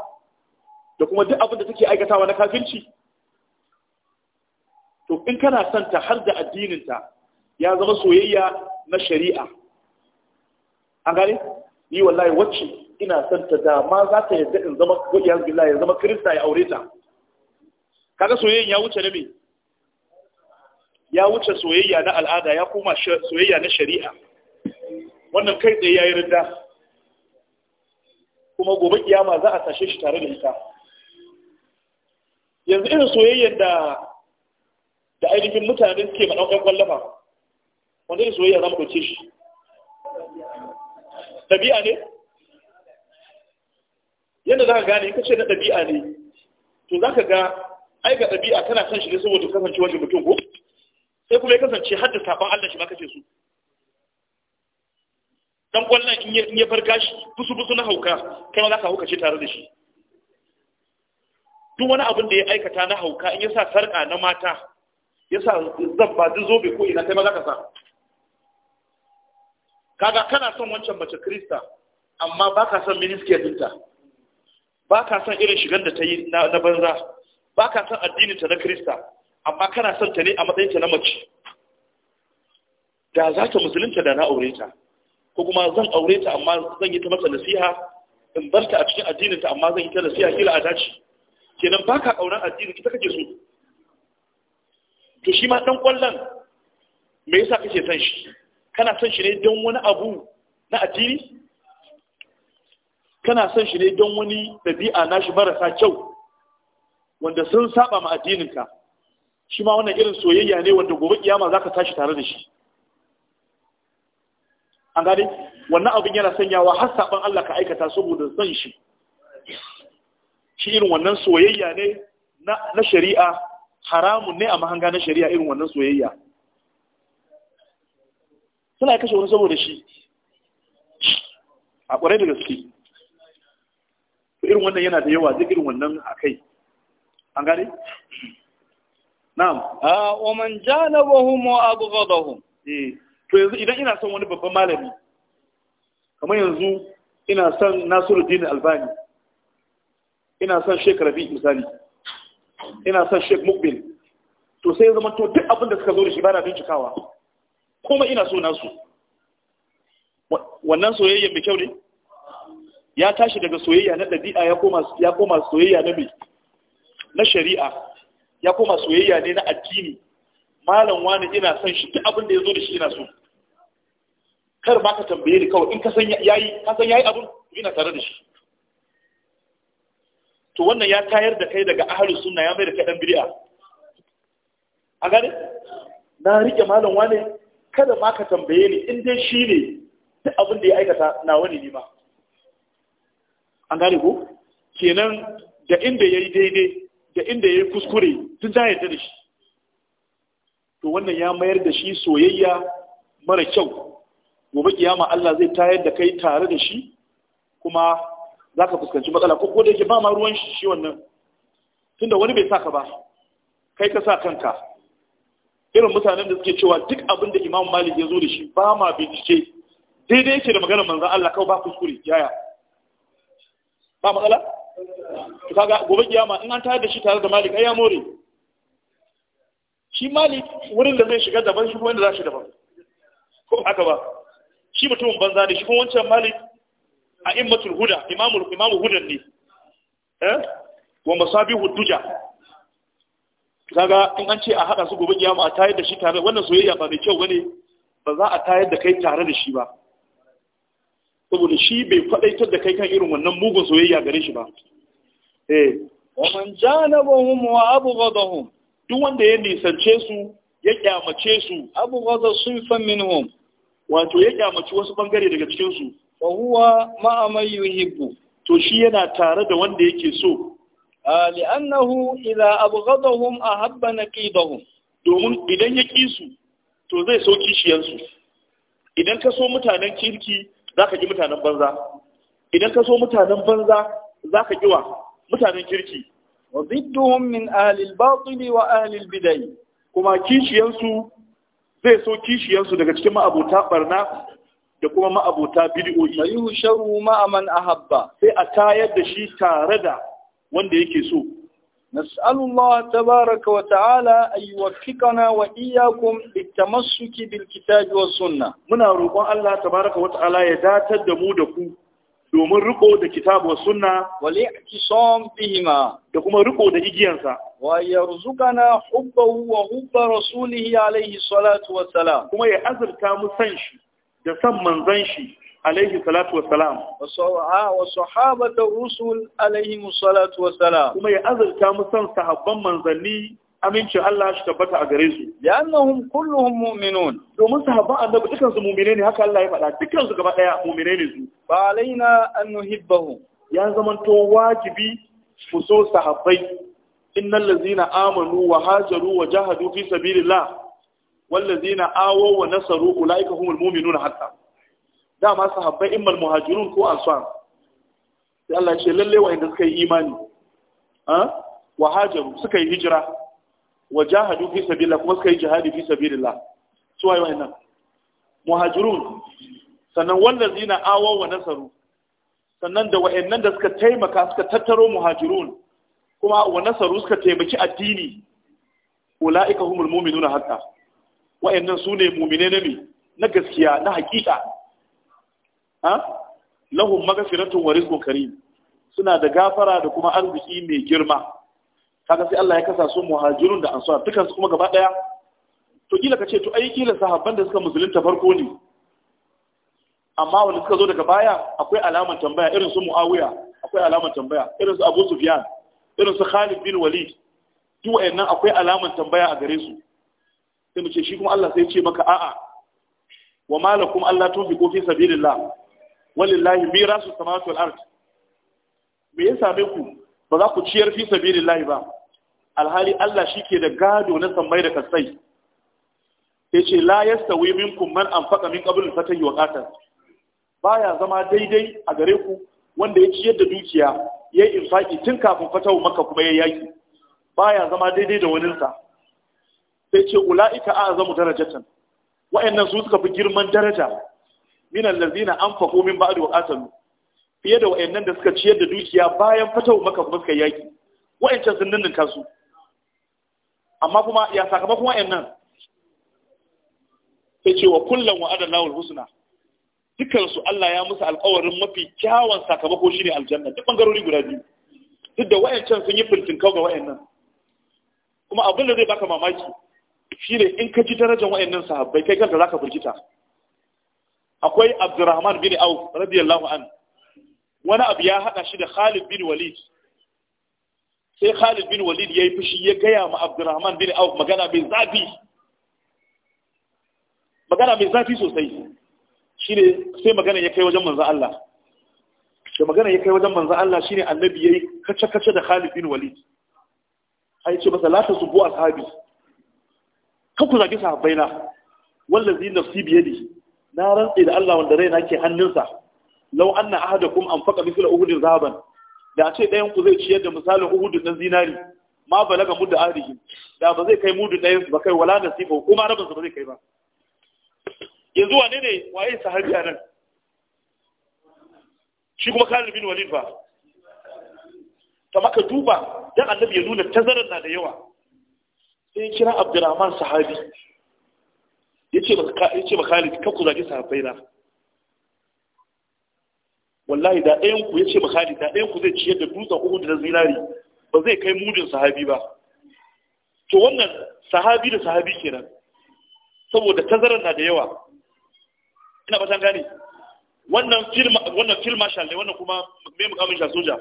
da kuma duk abin da take aikatawa na kafirci to in kana son ta har da addinin ta ya zama soyayya na shari'a an gane ni wallahi wacce ina son ta da ma za ta yadda in zama ya zama kirista ya aure ta kaga soyayyen ya wuce na me ya wuce soyayya na al'ada ya koma soyayya na shari'a wannan kai tsaye ya yi rinda kuma gobe kiyama za a tashe shi tare da ita yanzu irin soyayyar da da ainihin mutane suke ma ɗan kwallafa wanda irin soyayya za mu ɗauke shi ɗabi'a ne yadda za ka gane in ka ce na ɗabi'a ne to za ka ga ai ga ɗabi'a tana son shi ne saboda kasance wajen mutum ko sai kuma ya kasance har da sabon Allah shi ma kace su dan kwallon in ya bar gashi busu busu na hauka kai ma za ka hukace tare da shi duk wani abin da ya aikata na hauka in ya sa sarƙa na mata ya sa zabba duk zobe ko ina kai ma za ka sa kaga kana son wancan mace krista amma ba ka son miniskiyar dinta ba ka son irin shigar da ta yi na banza ba ka san addini ta na Kirista amma kana son ta ne a matsayin ta na mace da za ta musulunta da na aure ta ko kuma zan aure ta amma zan yi ta masa nasiha in bar ta a cikin addinin ta amma zan yi ta nasiha kila a dace kenan ba ka auren addini ita kake so to shi ma dan ƙwallon me yasa kake son shi kana son shi ne don wani abu na addini kana son shi ne don wani ɗabi'a nashi marasa kyau wanda sun saba ma addininka shi ma wannan irin soyayya ne wanda gobe kiyama za ka tashi tare da shi an gane wannan abin yana sanyawa har saban Allah ka aikata saboda son shi shi irin wannan soyayya ne na shari'a haramun ne a mahanga na shari'a irin wannan soyayya suna kashe wani saboda shi a ƙwarai da gaske irin wannan yana da yawa zai irin wannan a kai an gane na'am ah, wa man janabahum wa abghadahum eh to yanzu idan ina son wani babban malami kamar yanzu ina son Nasiruddin Albani ina son Sheikh Rabi misali ina son Sheikh Mukbil to sai zama to duk abin da suka zo da shi bana bincikawa kuma ina so nasu wannan soyayya mai kyau ne ya tashi daga soyayya na ɗabi'a ya koma soyayya na mai na shari'a ya kuma soyayya ne na addini malam wani ina son shi duk abin da ya zo da shi ina so kar ma ka tambaye ni kawai in ka san yayi ka san yayi abin ina tare da shi to wannan ya tayar da kai daga ahli sunna ya mai da kai bid'a a gane na rike malam wani kada ma ka tambaye ni in dai shi ne duk abin da ya aikata na wani ne ma an gane ko kenan da inda yayi daidai da inda ya yi kuskure tun ta yarda da shi to wannan ya mayar da shi soyayya mara kyau gobe kiyama Allah zai tayar da kai tare da shi kuma za ka fuskanci matsala ko ko da yake ba ma ruwan shi shi wannan tunda wani bai saka ba kai ka sa kanka irin mutanen da suke cewa duk abin da Imam Malik ya zo da shi ba ma bincike daidai yake da maganar manzon Allah kawai ba kuskure yaya ba matsala to kaga gobe kiyama in an tayar da shi tare da malik ai ya more shi malik wurin da zai shiga daban shi wanda za shi daban ko haka ba shi mutum banza ne shi kuma wancan malik a immatul huda imamul imamu hudan ne eh wa masabihu duja kaga in an ce a hada su gobe kiyama a tayar da shi tare wannan soyayya ba mai kyau bane ba za a tayar da kai tare da shi ba saboda shi bai faɗaitar da kai kan irin wannan mugun soyayya gare shi ba eh wa man janabahum wa abghadahum duk wanda ya nisance su ya kyamace su Abu fa min minhum wato ya ƙyamaci wasu bangare daga cikin su Wa huwa ma'a yuhibbu to shi yana tare da wanda yake so a ah, idza abghadahum ahabba naqidahum domin idan ya ki su to zai so kishiyansu idan ka so mutanen kirki za ka ji mutanen banza idan ka so mutanen banza za ka ƙiwa mutanen kirki wa zidduhum min ahlil batili wa alil bidai kuma kishiyansu zai so kishiyansu daga cikin ma'abuta barna da kuma ma'abuta bid'o'i ayyuhu sharu ma'a man ahabba sai a tayar da shi tare da wanda yake so نسأل الله تبارك وتعالى أن يوفقنا وإياكم للتمسك بالكتاب والسنة من أروق الله تبارك وتعالى يدات دمودكم domin riko da kitabu sunna wal i'tisam bihima da kuma riko da igiyansa wa na hubbahu wa hubba rasulihi alaihi salatu wa kuma ya azurta mu san shi da san manzon shi alaihi salatu wa wassalam wa sahabata rusul alaihi salatu wa salam! kuma ya azurta mu san sahabban manzanni amincin Allah shi tabbata a gare su Ya li'annahum kulluhum mu'minun domin sahabban annabi dukkan su mu'mine ne haka Allah ya faɗa dukan su gaba ɗaya, mu'mine ne su ba alaina an nuhibbahum ya zamanto wajibi mu so sahabbai innal ladzina amanu wa hajaru wa jahadu fi sabilillah wal ladzina awaw wa nasaru ulaika humul mu'minuna haqqan dama sahabbai immal muhajirun ko ansar sai Allah ya ce lalle inda suka yi imani ha wa hajaru suka yi hijira wa jahadu fi sabilillah kuma suka yi jihadi fi sabilillah su waye wannan muhajirun sannan wallazina awaw wa nasaru sannan da wa'annan da suka taimaka suka tattaro muhajirun kuma wa nasaru suka taimaki addini ula'ika humul mu'minuna hatta wa'annan sune mu'mine ne na gaskiya na hakika ha lahum maghfiratun wa rizqun karim suna da gafara da kuma arziki mai girma kaga sai Allah ya kasa su muhajirun da ansar dukan su kuma gaba daya to kila kace to ai kila sahabban da suka musulunta farko ne amma wanda suka zo daga baya akwai alamar tambaya irin su Muawiya akwai alamar tambaya irin su Abu Sufyan irin su Khalid bin Walid duk wayannan akwai alamar tambaya a gare su sai mu ce shi kuma Allah sai ya ce maka a'a wa malakum Allah tunfiqu fi sabilillah walillahi mirasu samawati wal ard me ya same ku ba za ku ciyar fi sabilillahi ba alhali Allah shi ke da gado na sammai da kasai ce la yastawi minkum man anfaqa min qabl fatahi wa qatal baya zama daidai a gare ku wanda ya ciyar da dukiya ya yi infaki tun kafin fatahu makka kuma ya yaki baya zama daidai da waninsa sai ce ula'ika a'zamu darajatan wa'annan su suka fi girman daraja min allazina anfaqu min ba'di wa qatalu fiye da wayannan da suka ciyar da dukiya bayan fatawa maka kuma suka yaki wayancan sun ninninka kasu. amma kuma ya sakamakon wayannan sai ce wa kullum wa adallahu alhusna dukkan su Allah ya musu alƙawarin mafi kyawun sakamako shine aljanna duk bangarori guda biyu duk da wayancan sun yi fintin kau ga wayannan kuma abin da zai baka mamaki shine in ka ji darajar wayannan sahabbai kai kanka zaka firgita akwai abdurrahman bin auf radiyallahu an wani abu ya haɗa shi da khalid bin walid sai khalid bin walid ya yi fushi ya gaya ma abdurrahman bin auf magana mai zafi magana mai zafi sosai shine sai magana ya kai wajen manzo Allah da magana ya kai wajen manzo Allah shine annabi yayi kace-kace da Khalid bin Walid ai ce masa la tasubbu ashabi kan ku zagi sahabbaina wallazi nafsi bi yadi na rantsi da Allah wanda raina ke hannunsa law anna ahadakum anfaqa mithla uhudin zahaban da ce ɗayan ku zai ciyar da misalin uhudin dan zinari ma balaga mudda ahadihi da ba zai kai mudu ɗayan ba kai wala nasifa kuma rabin ba zai kai ba yanzu wane ne waye sahabi a nan shi kuma Khalid bin Walid ba ta maka duba dan annabi ya nuna tazarar na da yawa sai kira Abdurrahman sahabi yace ba Khalid kanku ku zaki sahabbai na wallahi da ɗayan ku yace ba Khalid da ɗayan ku zai ciye da dutsen uku da zinari ba zai kai mudin sahabi ba to wannan sahabi da sahabi kenan saboda tazarar na da yawa ina fatan gane wannan film wannan film marshal ne wannan kuma me mukamin sha soja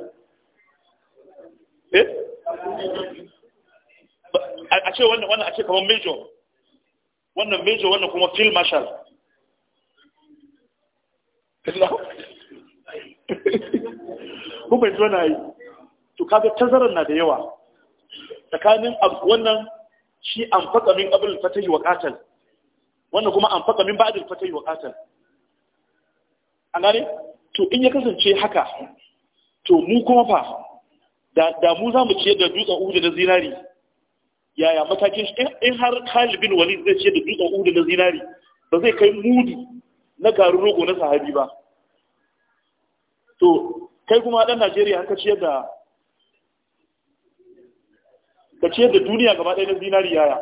eh a ce wannan wannan a ce kamar major wannan major wannan kuma field marshal Kuma zuwa na yi to kaga tazarar na da yawa tsakanin wannan shi an faka min abin fatahi wa katal wannan kuma an faka min ba'adil fatahi wa katal an gane to in ya kasance haka to mu kuma fa da mu za mu ce da dutsen uhudu na zinari yaya matakin shi in har Khalid bin zai ce da dutsen udu na zinari ba zai kai mudu na garin rogo na sahabi ba to kai kuma dan Najeriya ka ciyar da ka ciyar da duniya gaba ɗaya na zinari yaya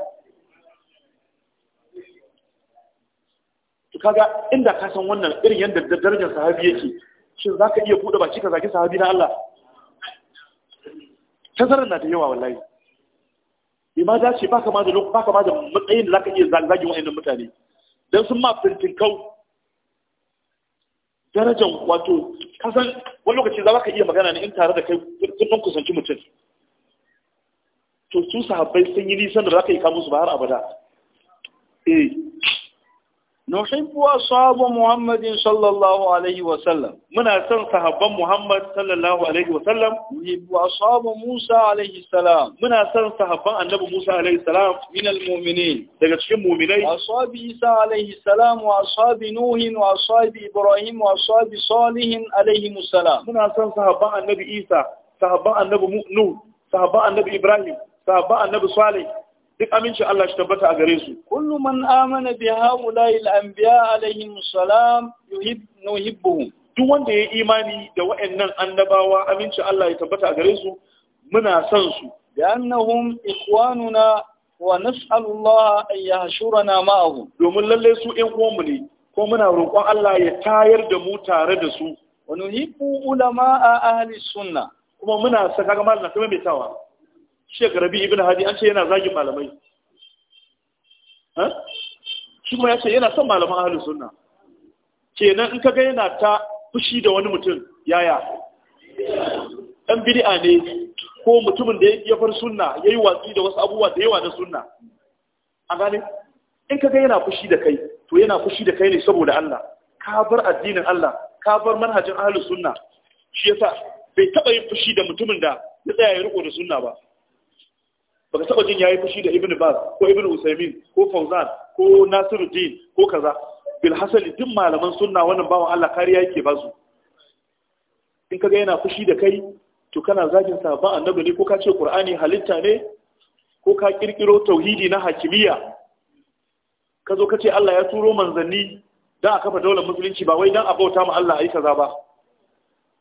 to kaga inda ka san wannan irin yadda darajar sahabi yake shin ka iya buɗe baki ka zaki sahabi na Allah tazarar na da yawa wallahi bai ma dace ba kama da ba kama da matsayin da zaka iya zagin wa'annan mutane dan sun ma fintinkau darajar wato kasan wani lokaci za ka iya magana ne in tare da kai sun kusanci mutum to su sahabbai sun yi nisan da za ka yi kamusu ba har abada eh nuhibbu ashabu muhammadin sallallahu alaihi wa sallam muna son sahabban muhammad sallallahu alaihi wa sallam nuhibbu ashabu musa alaihi salam muna son sahabban annabi musa alaihi salam min almu'minin daga cikin mu'minai ashabi isa alaihi salam wa ashabi nuh wa ashabi ibrahim wa ashabi Salihin alaihi salam muna son sahabban annabi isa sahabban annabi nuh sahabban annabi ibrahim sahabban annabi salih duk amincin Allah shi tabbata a gare su kullu man amana bi haula'i al-anbiya alaihim salam yuhib duk wanda ya imani da wa'annan annabawa amincin Allah ya tabbata a gare su muna son su da annahum ikhwanuna wa nas'alu Allah an yahshurana ma'ahum domin lalle su ƴan uwanmu ne ko muna roƙon Allah ya tayar da mu tare da su wa nuhibbu ulama ahli sunna kuma muna saka ga mallan kuma mai tawa shek rabi ibn hadi an ce yana zagin malamai shi kuma ya ce yana son malaman ahalin sunna kenan in ka ga yana ta fushi da wani mutum yaya ɗan bid'a ne ko mutumin da ya far sunna ya yi watsi da wasu abubuwa da yawa na sunna a gane in ka ga yana fushi da kai to yana fushi da kai ne saboda Allah ka bar addinin Allah ka bar manhajin ahlus sunna shi yasa bai taba yin fushi da mutumin da ya tsaya ya riko da sunna ba baka taba jin yayi fushi da ibn baz ko ibn usaymin ko fawzan ko nasiruddin ko kaza bil hasali duk malaman sunna wannan bawan Allah kariya yake ba su in kaga yana fushi da kai to kana zagin ba annabi ne ko ka ce qur'ani halitta ne ko ka kirkiro tauhidi na hakimiyya ka zo ka ce Allah ya turo manzanni dan a kafa daular musulunci ba wai dan a bauta ma Allah ayi kaza ba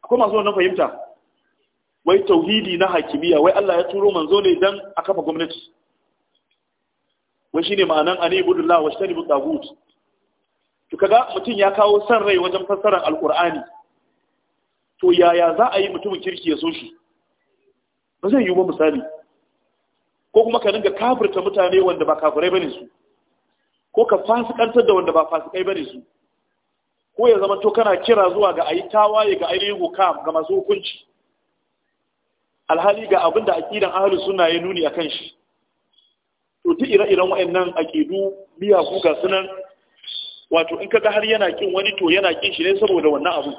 akwai masu wannan fahimta wai tauhidi na hakimiyya wai Allah ya turo manzo ne dan a kafa gwamnati wai shine ma'anan anibudullah wa shtanibu tagut to kaga mutum ya kawo san rai wajen fassarar alqur'ani to yaya za a yi mutumin kirki ya so shi ba zai yi ba misali ko kuma ka dinga kafirta mutane wanda ba kafirai bane su ko ka fasikantar da wanda ba fasikai bane su ko ya zama to kana kira zuwa ga ayi tawaye ga ainihin hukam ga masu hukunci alhali ga abin da aƙidan ahalus suna ya nuni a kan shi to ta ire-iren waɗannan aƙidu miyagu ga sunan wato in kaga har yana kin wani to yana kin shi ne saboda wannan abu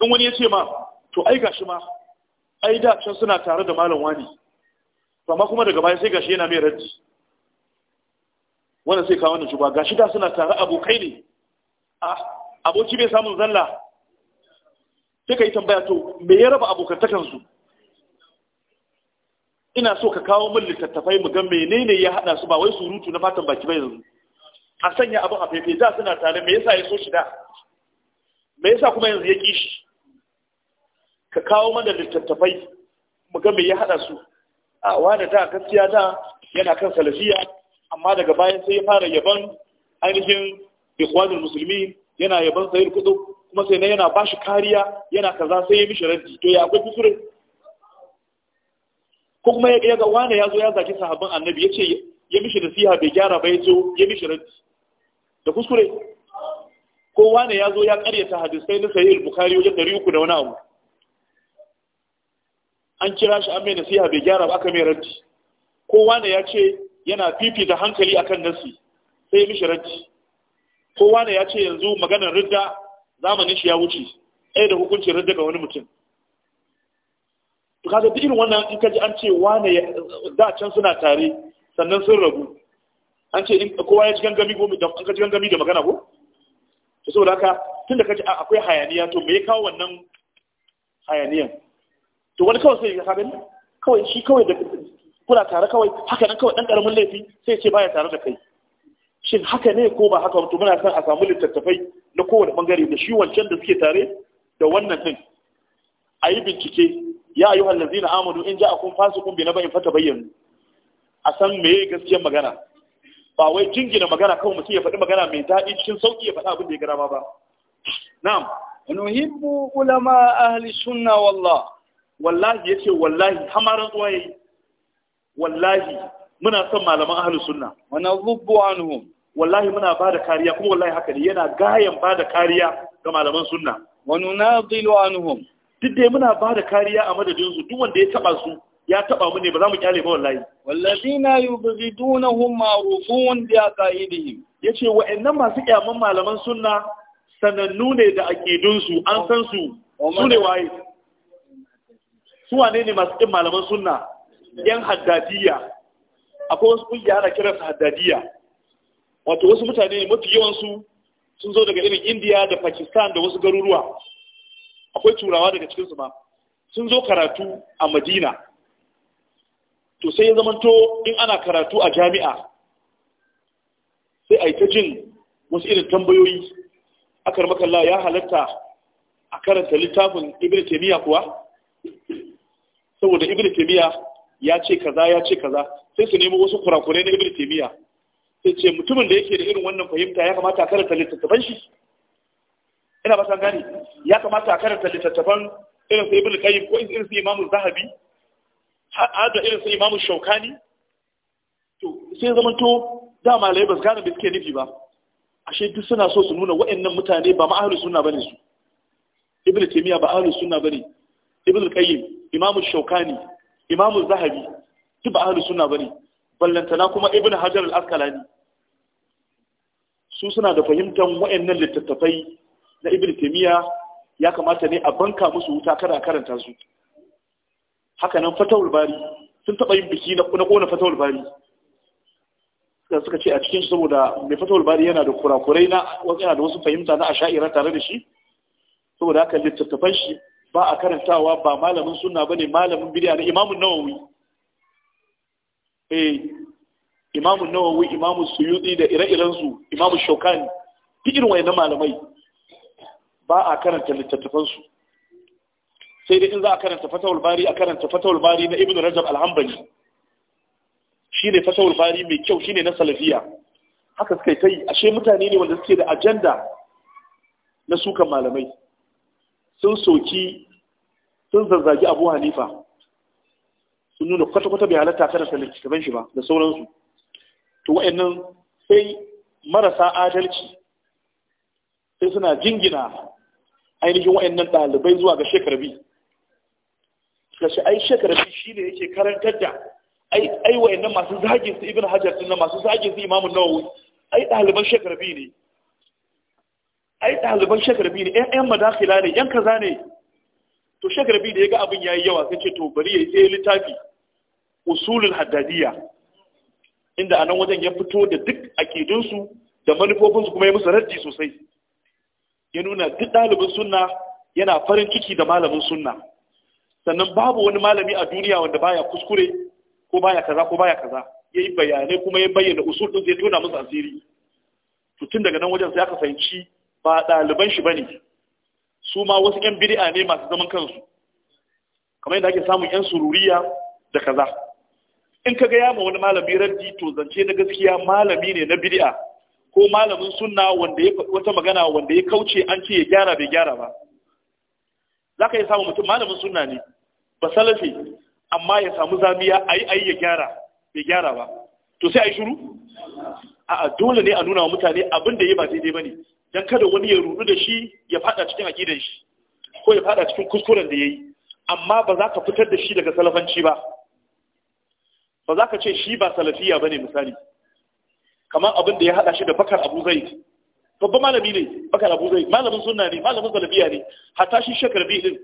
in wani ya ce ma to ai gashi ma ai da can suna tare da malam wani to amma kuma daga baya sai gashi yana mai raddi wannan sai kawo wannan ba, gashi da suna tare abokai ne a aboki bai samun zalla sai ka yi tambaya to me ya raba abokantakan su ina so ka kawo min littattafai mu ga menene ya hada su ba wai surutu na fatan baki ba yanzu a sanya abu a fefe da suna tare me yasa ya so shi da me yasa kuma yanzu ya kishi shi ka kawo mana littattafai mu ga me ya hada su a wani da gaskiya da yana kan salafiya amma daga bayan sai ya fara yaban ainihin ikhwanul musulmi yana yaban sayyid kudu kuma sai na yana bashi kariya yana kaza sai ya mishi raddi to ya akwai kusure ko kuma ya ga wani ya zo ya zaki sahabban annabi ya ce ya mishi nasiha bai gyara ba ya zo ya mishi raddi da kuskure ko wani ya zo ya karyata hadisai na sahih bukhari wajen dari uku da wani abu an kira shi an mai nasiha bai gyara ba aka mai raddi ko wani ya ce yana fifita hankali akan nasi sai ya mishi raddi ko wani ya ce yanzu maganar ridda zamanin shi ya wuce ɗaya da hukuncin ridda ga wani mutum to kaga duk irin wannan in kaji an ce wane da can suna tare sannan sun rabu an ce kowa ya ji gangami ko an ka ji gangami da magana ko to saboda haka tun da kaji akwai hayaniya to me ya kawo wannan hayaniyan to wani kawai sai ya kaga kawai shi kawai da kuna tare kawai haka nan kawai dan karamin laifi sai ce baya tare da kai shin haka ne ko ba haka to muna son a samu littattafai na kowane bangare da shi wancan da suke tare da wannan din a yi bincike ya wa ladzina amadu in kun bina bi fata bayyanu a san ya gaskiyar magana ba wai jingina magana kawai mutum ya faɗi magana mai daɗi cikin sauƙi ya faɗi abin da ya gara ba na'am nuhibbu ulama ahli sunna wallah wallahi yace wallahi hamaran tsoye wallahi muna son malaman ahli sunna wa nadhubbu anhum wallahi muna bada kariya kuma wallahi haka ne yana gayan bada kariya ga malaman sunna wa nunadilu anhum duk dai muna ba da kariya a madadin su duk wanda ya taba su ya taba mu ne ba za mu kyale ba wallahi na yubghidunhum ma'rufun bi aqaidihim yace wa'annan masu kyaman malaman sunna sanannu ne da aqidun su an san su su ne waye su wane ne masu kin malaman sunna yan haddadiya akwai wasu kungiya ana kiran su haddadiya wato wasu mutane ne mafi yawan su sun zo daga irin India da Pakistan da wasu garuruwa akwai turawa daga su ma sun zo karatu a madina to sai ya zamanto in ana karatu a jami'a sai a yi ta jin wasu irin tambayoyi akar makalla ya halatta a karanta littafin ibn taymiya kuwa saboda ibn taymiya ya ce kaza ya ce kaza sai su nemi wasu kurakurai na ibn taymiya sai ce mutumin da yake da irin wannan fahimta ya kamata a karanta littattafan shi ina ba san gani ya kamata a karanta littattafan irin su ibnu qayyim ko irin su imamu zahabi Aa-a, da irin su imamu shaukani to sai zaman to da malai ba su gane da suke nufi ba ashe duk suna so su nuna wa'annan mutane ba ma sunna bane su ibnu taymiya ba ahlus sunna bane ibnu qayyim imamu shaukani imamu zahabi duk ba ahlus sunna bane ballantana kuma ibn hajar al-asqalani su suna da fahimtar wa'annan littattafai na ibn taymiya ya kamata ne a banka musu wuta kada karanta su haka nan fatawul bari sun taba yin biki na kona fatawul bari da suka ce a cikin saboda mai fatawul bari yana da kurakurai na yana da wasu fahimta na asha'ira tare da shi saboda haka littattafan shi ba a karantawa ba malamin sunna bane malamin bid'a na imamun nawawi eh imamun nawawi imamun suyuti da ire-iren su imamun shaukani duk irin wayannan malamai ba a karanta littattafansu sai dai in za a karanta fatawul bari a karanta fatawul bari na ibn rajab al shi ne fatawul bari mai kyau shine ne na salafiya haka suka yi ashe mutane ne wanda suke da ajanda na sukan malamai sun soki sun zazzagi abu hanifa sun nuna kwata-kwata bai halatta karanta littattafan shi ba da sauransu to wa'annan sai marasa adalci sai suna jingina ainihin wayannan ɗalibai zuwa ga shekarbi kashi ai shekarbi shine yake karantar da ai ai wayannan masu zagin su ibnu hajar din masu zagin su imamu nawawi ai ɗaliban shekarbi ne ai ɗaliban shekarbi ne ƴan ƴan madakhila ne ƴan kaza ne to shekarbi da ya ga abin yayi yawa sai ce to bari yayi sai littafi usulul haddadiyya inda anan wajen ya fito da duk akidunsu da manufofinsu kuma ya musu raddi sosai ya nuna duk ɗalibin sunna yana farin ciki da malamin sunna sannan babu wani malami a duniya wanda baya kuskure ko baya kaza ko baya kaza ya yi bayanai kuma ya bayyana usul ɗin zai tona musu asiri tun daga nan wajen sai aka fahimci ba ɗaliban shi ba ne su ma wasu 'yan bid'a ne masu zaman kansu kamar yadda ake samun 'yan sururiya da kaza in ka ga ma wani malami raddi to zance na gaskiya malami ne na bid'a ko malamin sunna wanda ya wata magana wanda ya kauce an ce ya gyara bai gyara ba za ka yi samun mutum malamin sunna ne ba salafi amma ya samu zamiya ayi yi ya gyara bai gyara ba to sai a yi shiru a dole ne a nuna wa mutane abin da ya ba daidai ba ne don kada wani ya rudu da shi ya fada cikin aƙidan shi ko ya fada cikin kuskuren da ya yi amma ba za ka fitar da shi daga salafanci ba ba za ka ce shi ba salafiya ba ne misali kamar abin da ya hada shi da bakar abu zai babban malami ne bakar abu zai malamin sunna ne malamin salafiya ne hatta shi bi din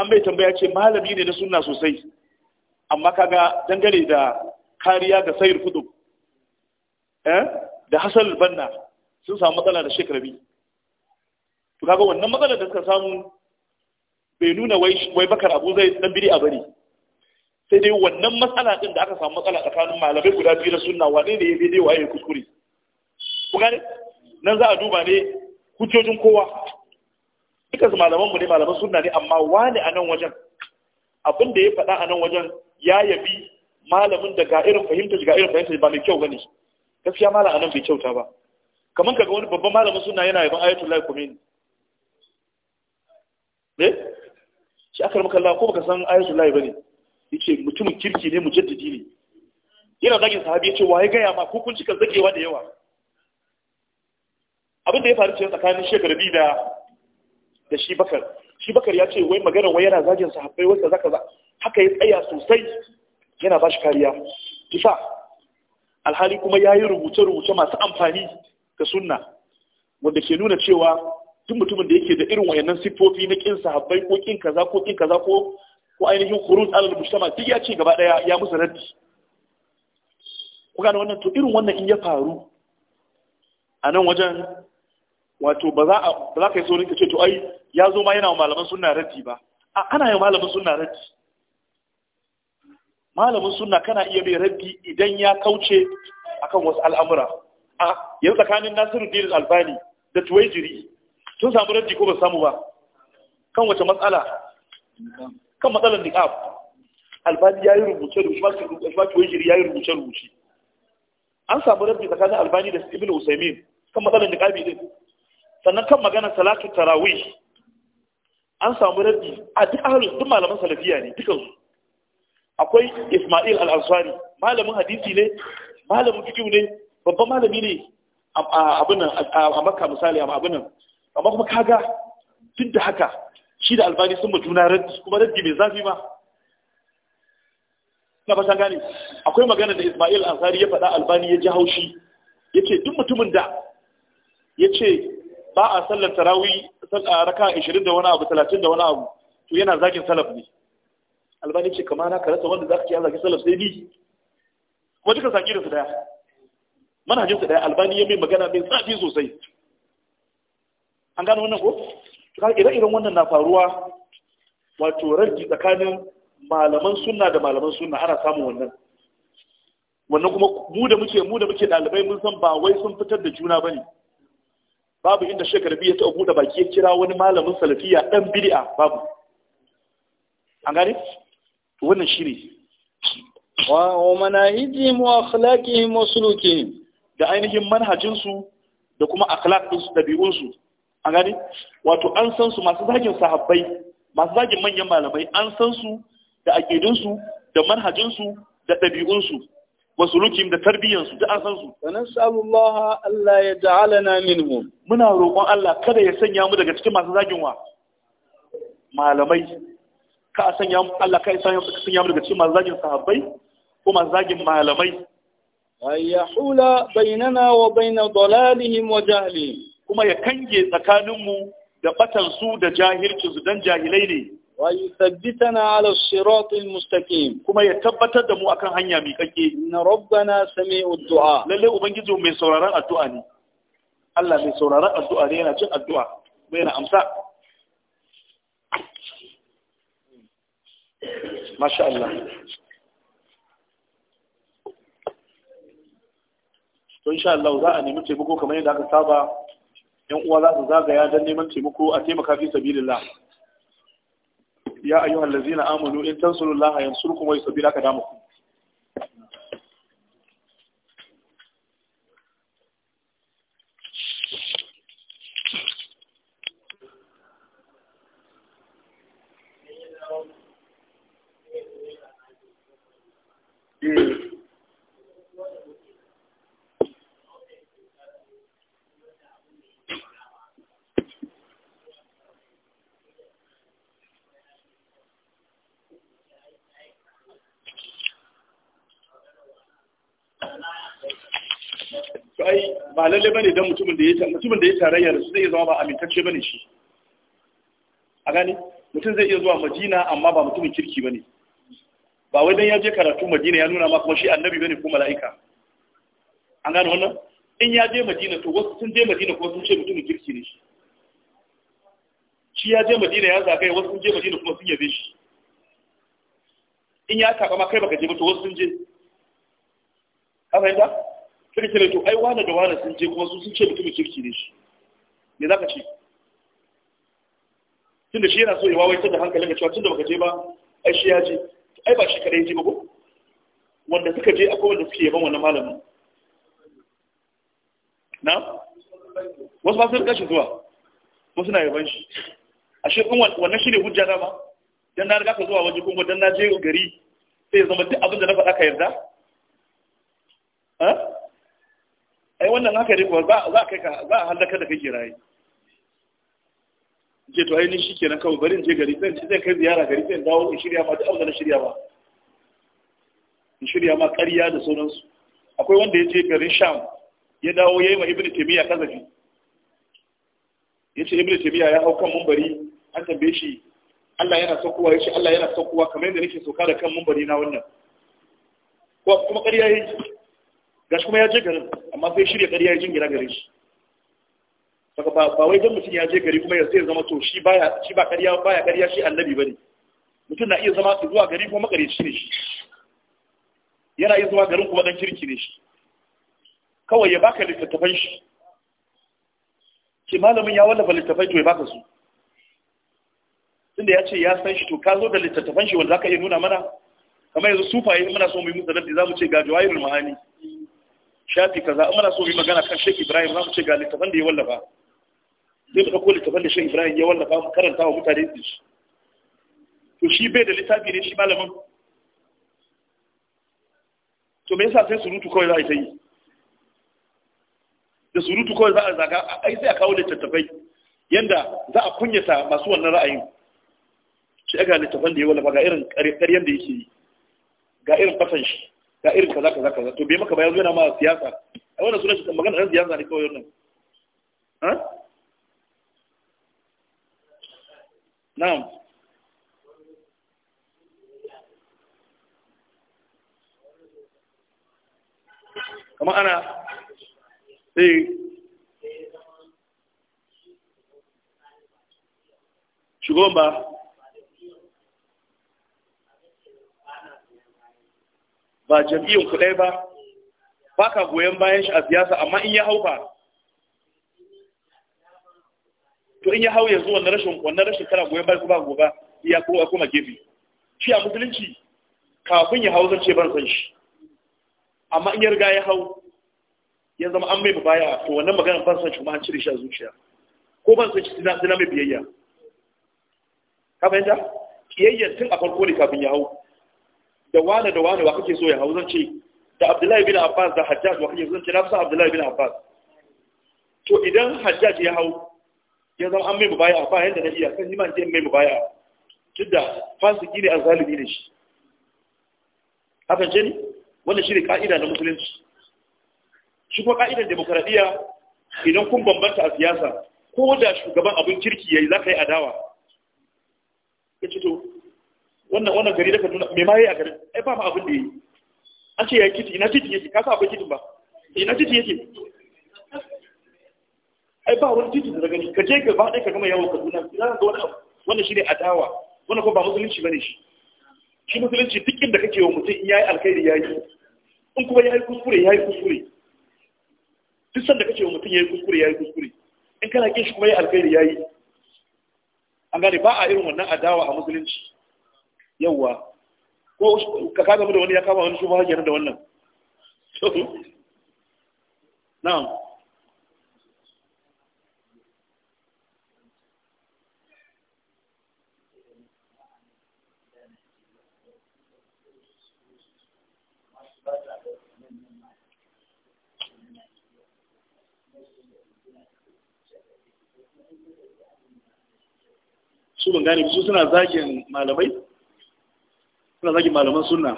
an bai tambaya ce malami ne na sunna sosai amma kaga dangane da kariya ga sayar kudu eh da hasal banna sun samu matsala da shekarbi to kaga wannan matsalar da suka samu bai nuna wai bakar abu zai dan biri a bari sai dai wannan matsala din da aka samu matsala tsakanin malamai guda biyu na sunna wane ne ya daidai waye kuskure ku gane nan za a duba ne hujjojin kowa duka malaman mu ne malaman sunna ne amma wane a nan wajen abin da ya faɗa a nan wajen ya yabi malamin da ga irin fahimta ga irin fahimta ba mai kyau bane gaskiya malam anan bai kyauta ba kamar kaga wani babban malamin sunna yana yaban ayatullahi kumeni Me? Eh? shi aka maka Allah ko baka san ayatullahi bane yake mutumin kirki ne mu jaddadi ne yana zagin sahabi yace waye gaya ma ko kun cika da yawa abin da ya faru cikin tsakanin biyu da da shi bakar shi bakar ya ce wai magana wai yana zagin sahabbai wanda zaka za haka ya tsaya sosai yana ba shi kariya Kisa, alhali kuma ya yi rubuce-rubuce masu amfani ga sunna wanda ke nuna cewa duk mutumin da yake da irin wayannan siffofi na kin sahabbai ko kin kaza ko kin kaza ko ko ainihin khuruj alal mujtama duk ya ce gaba daya ya musu raddi ku gane wannan to irin wannan in ya faru a nan wajen wato ba za a ka yi saurin ka ce to ai ya zo ma yana wa malaman sunna raddi ba a ana yi malaman sunna raddi malamin sunna kana iya mai raddi idan ya kauce akan wasu al'amura a yanzu tsakanin nasiru albani da tuwai jiri sun samu raddi ko ba samu ba kan wace matsala kan matsalar niqab albani ya yi rubuce rubuce wani wajiri ya yi rubuce rubuce an samu rabbi tsakanin albani da ibn usaimin kan matsalar niqabi din sannan kan magana salatu tarawih an samu rabbi a duk ahlus duk malaman salafiya ne dukansu akwai isma'il al malamin hadisi ne malamin fiqh ne babban malami ne a abin a makka misali a abin nan amma kuma kaga duk da haka shi da albani sun ba juna raddi kuma raddi mai zafi ma na fata gane akwai magana da ismail ansari ya faɗa albani ya ji haushi ya ce duk mutumin da ya ce ba a sallar tarawi a raka 20 da wani abu 30 da wani abu to yana zagin salaf ne albani ce kama na karata wanda za ka ce ya salaf sai ni kuma duka saki da su daya manhajinsu daya albani ya mai magana mai tsafi sosai an gano wannan ko ire-iren wannan na faruwa wato rarki tsakanin malaman sunna da malaman sunna ana samun wannan wannan kuma mu da muke mu da muke dalibai mun san ba wai sun fitar da juna bane babu inda shekara biyu ta da baki ya kira wani malamin salafiya dan bid'a babu an gane wannan shiri wa manahijihim wa akhlaqihim wa sulukihim da ainihin manhajinsu da kuma akhlaq ɗinsu ɗabi'unsu a gani wato an san su masu zagin sahabbai masu zagin manyan malamai an san su da aƙidinsu da manhajinsu da ɗabi'unsu wasu da tarbiyyansu da an san su wa nas'alullah Allah ya na minhum muna roƙon Allah kada ya sanya mu daga cikin masu zagin wa malamai ka sanya mu Allah ka sanya mu daga cikin masu zagin sahabbai ko masu zagin malamai ayyahula bainana wa bain dalalihim wa jahlihim kuma ya kange tsakaninmu da batansu da su don jahilai ne wa yuthabbitana ala siratil mustaqim kuma ya tabbatar da mu akan hanya mai kake inna rabbana sami'ud du'a lalle ubangiji mai sauraron addu'a ne Allah mai sauraron addu'a ne yana cin addu'a mai na amsa masha Allah to insha Allah za a nemi taimako kamar yadda aka saba yan uwa za su zagaya don neman taimako a taimaka fi sabilillah ya ayyuhal ladzina amanu in tansurullaha yansurkum wa yusabbiru aqdamakum lalle bane dan mutumin da ya mutumin da yake tarayya da su zai zama ba amintacce bane shi a gani mutum zai iya zuwa Madina amma ba mutumin kirki bane ba wai dan ya je karatu Madina ya nuna ma kuma shi annabi bane ko mala'ika an gane wannan in ya je Madina to wasu sun je Madina ko sun ce mutumin kirki ne shi shi ya je Madina ya zagaye wasu sun je Madina kuma sun yabe shi in ya taba ma kai baka je ba to wasu sun je ka fahimta sai ce to ai wane da wane sun je kuma su sun ce mutumin kirki ne shi me za ka ce tun da shi yana so ya wawaitar da hankalin ga cewa tun da baka je ba ai shi ya je ai ba shi kadai ya je ba ko wanda suka je akwai wanda suke yaban wannan malamin na wasu ba su rika shi zuwa wasu na yaban shi ashe in wannan ne hujja dama dan na riga ka zuwa waje kuma dan na je gari sai ya zama duk abin da na faɗa ka yarda ai wannan haka ne kuwa za kai ka za a halaka da kake raye ce to ainihin shi kenan kawai barin je gari zan zai kai ziyara gari zan dawo in shirya ma duk abin na shirya ba. in shirya ma ƙarya da sauransu akwai wanda ya je garin sham ya dawo ya yi ma ibn taimiyya kazafi ya ce ibn taimiyya ya hau kan mumbari an tambaye shi allah yana saukowa ya ce allah yana saukowa kamar yadda nake sauka da kan mumbari na wannan kuma ƙarya ya yi gashi kuma ya je garin amma sai shirya ƙarya ya jingina gare shi saka ba wai don mutum ya je gari kuma ya sai zama to shi baya shi ba ƙarya baya ƙarya shi annabi bane mutum na iya zama su zuwa gari kuma makareci ne shi yana iya zuwa garin kuma dan kirki ne shi kawai ya baka littattafan shi ke malamin ya wallafa littattafai to ya baka su tunda ya ce ya san shi to ka zo da littattafan shi wanda zaka iya nuna mana kamar yanzu sufaye muna so mu yi musu da za mu ce ga jawahirul ma'ani shafi kaza in muna so mu magana kan Sheikh Ibrahim za mu ce ga littafin da ya wallafa sai mu ko littafin da Sheikh Ibrahim ya wallafa mu karanta wa mutane su to shi bai da littafi ne shi malamin to me yasa sai surutu kawai za a yi da surutu kawai za a zaga ai sai a kawo littattafai yanda za a kunyata masu wannan ra'ayin shi ga littafan da ya wallafa ga irin karyar da yake yi ga irin fasan shi ga irin kaza kaza kaza to bai maka ba ya yana ma siyasa a wannan sunan shi magana ɗan siyasa ne kawai wannan na'am kamar ana sai eh. shugaban ba ba jam'iyyar ku ɗaya ba ba ka goyon bayan shi a siyasa amma in ya hau ba to in ya hau yanzu wannan rashin wannan rashin kana goyon bayan ku ba goba iya ko kuma gefe shi a musulunci kafin ya hau zan ce ban san shi amma in ya riga ya hau ya zama an mai baya to wannan maganar ban san shi kuma an cire shi a zuciya ko ban san shi sina mai biyayya ka fahimta kiyayyar tun a farko ne kafin ya hau da wane da wane wa kake so ya hau zan ce da abdullahi bin abbas da hajjaj wa kake so zan ce na fi abdullahi bin abbas to idan hajjaj ya hau ya zama an mai mubaya ba yadda na iya kan niman je mai mubaya duk da fasiki ne a zalibi ne shi haka ce ne wannan shi ne ka'ida na musulunci shi kuma ka'idar demokaradiyya idan kun bambanta a siyasa ko da shugaban abin kirki ya yi za ka yi adawa ya ce to wannan wannan gari da Kaduna mai ma yayi a garin ai ba ma abin da yi. an ce yayi kiti ina kiti yake ka sa akwai kitin ba ina kiti yake ai ba wani titi da gani ka je ka ba dai ka gama yawo Kaduna ina ga wani abu wannan shine adawa wannan ko ba musulunci bane shi shi musulunci duk inda kake wa mutum in yayi alkhairi yayi in kuma yayi kuskure yayi kuskure duk sanda kake wa mutum yayi kuskure yayi kuskure in kana kin shi kuma yayi alkhairi yayi an gane ba a irin wannan adawa a musulunci yawwa ko ka kaga mu da wani ya kama wani shubha kenan da wannan [laughs] na'am su ban gane su suna zagin malamai suna zagi malaman suna.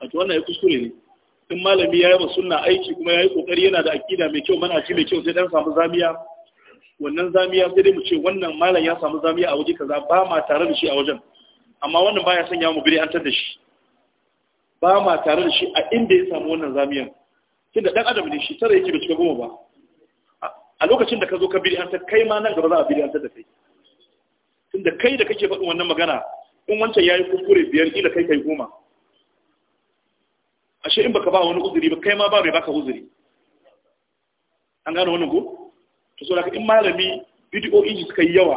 a to wannan ya kuskure ne in malami ya yaba suna aiki kuma ya yi kokari yana da akida mai kyau mana ci mai kyau sai dan samu zamiya wannan zamiya sai dai mu ce wannan malam ya samu zamiya a waje kaza ba ma tare da shi a wajen amma wannan baya sanya mu bire an tar da shi ba ma tare da shi a inda ya samu wannan zamiyan tunda dan adam ne shi tare yake bai cika goma ba a lokacin da ka zo ka ta kai ma nan gaba za a bid'antar da kai tunda kai da kake faɗin wannan magana in wancan yayi kuskure biyar ila kai kai goma ashe in baka ba wani uzuri ba kai ma ba mai baka uzuri an gano wannan ko to so in malami bidiyo inji suka yi yawa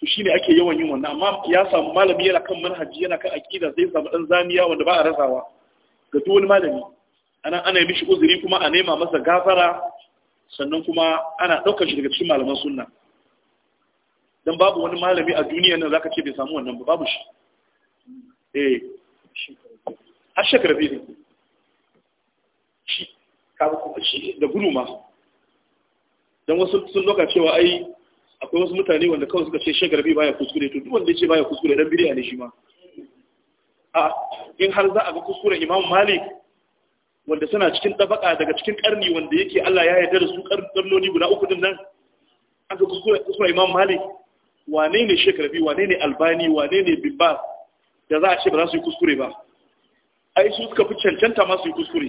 to shine ake yawan yin wannan amma ya samu malami yana kan manhaji yana kan aqida zai samu dan zamiya wanda ba a rasawa ga duk wani malami ana ana mishi uzuri kuma a nema masa gafara sannan kuma ana ɗaukar shi daga cikin malaman suna don babu wani malami a duniya nan ka ce bai samu wannan ba babu shi eh har shekara ne shi kaga kuma shi da gudu ma don wasu sun doka cewa ai akwai wasu mutane wanda kawai suka ce shekara biyu baya kuskure to duk wanda ya ce baya kuskure dan bidiya ne shi ma a in har za a ga kuskuren imam malik wanda suna cikin tabaka daga cikin karni wanda yake Allah ya yarda da su karnoni guda uku din nan aka kuskura Imam Malik wane ne Sheikh Rabi wane ne Albani wane ne Bin da za a ce ba za su yi kuskure ba ai su suka fi cancanta ma su yi kuskure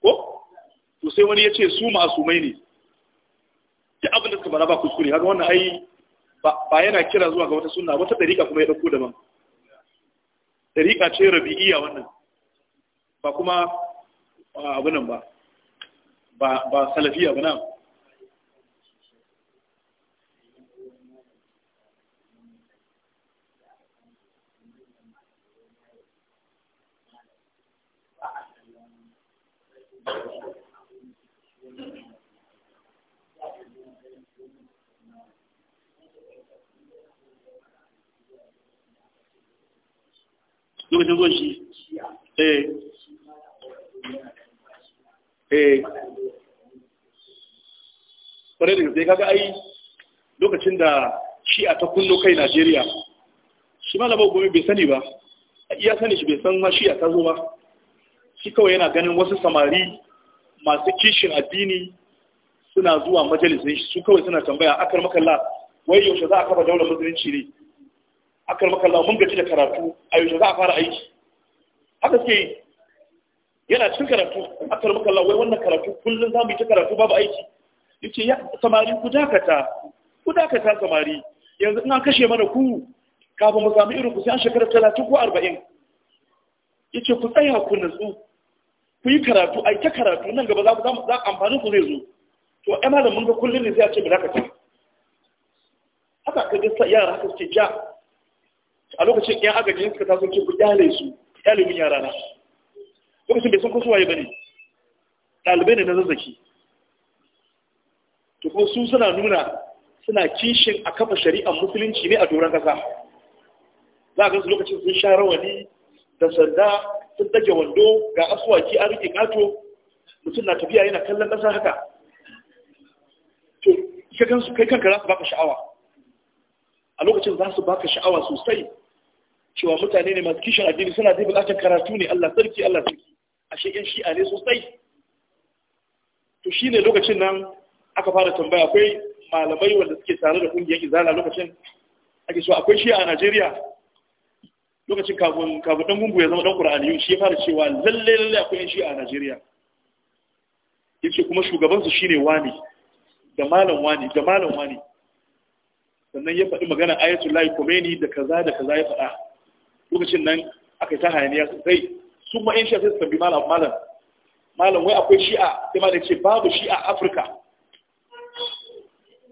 ko to sai wani ya ce su ma'asumai ne da abin da suka bara ba kuskure haka wannan ai ba yana kira zuwa ga wata sunna wata dariƙa kuma ya dauko daban dariƙa ce rabi'iyya wannan ba kuma abunan ba ba salafiya ba nan lokacin zuwan shi eh eh kwarai da gaske kaga ai lokacin da shi'a ta kullo kai Najeriya shi malama gobe bai sani ba iya sani shi bai san ma shi'a ta zo ba shi kawai yana ganin wasu samari masu kishin addini suna zuwa majalisun shi su kawai suna tambaya akar makalla wai yaushe za a kafa daular musulunci ne akar makalla mun gaji da karatu a yaushe za a fara aiki haka suke yana cikin karatu a maka Allah wai wannan karatu kullum za mu yi ta karatu babu aiki yace ya samari ku dakata ku dakata samari yanzu ina kashe mana ku kafa mu samu irin ku sai an shekara 30 ko 40 yace ku tsaya ku nutsu ku yi karatu ai ta karatu nan gaba za mu za amfani ku zai zo to ai malam mun ga kullum ne sai a ce mu dakata haka ka ga yara haka suke ja a lokacin yan agajin suka taso ke ku dale su dale mun yara na lokacin bai san ko ba ne ne na zazzaki to kuma su suna nuna suna kishin a kafa shari'ar musulunci ne a doron kasa za a gansu lokacin sun sha rawani da sanda sun dage wando ga asuwaki an rike kato mutum na tafiya yana kallon kasa haka to ka gansu kai kanka za su baka sha'awa a lokacin za su baka sha'awa sosai cewa mutane ne masu kishin addini suna zai bukatar karatu ne Allah sarki Allah sarki ashe yan shi'a ne sosai to shi ne lokacin nan aka fara tambaya akwai malamai wanda suke tare da kungiyar izala lokacin ake so akwai shi'a a Najeriya lokacin kafin kafin dan gungu ya zama dan Qur'ani shi ya fara cewa lalle lalle akwai yan shi'a a Najeriya yace kuma shugaban su shine wani da malam wani da malam wani sannan ya faɗi magana ayatullahi Khomeini da kaza da kaza ya faɗa lokacin nan aka ta hayaniya sosai sun ma'in shi shafi suka bi malam malam malam wai akwai shi'a sai malam ce babu shi'a afirka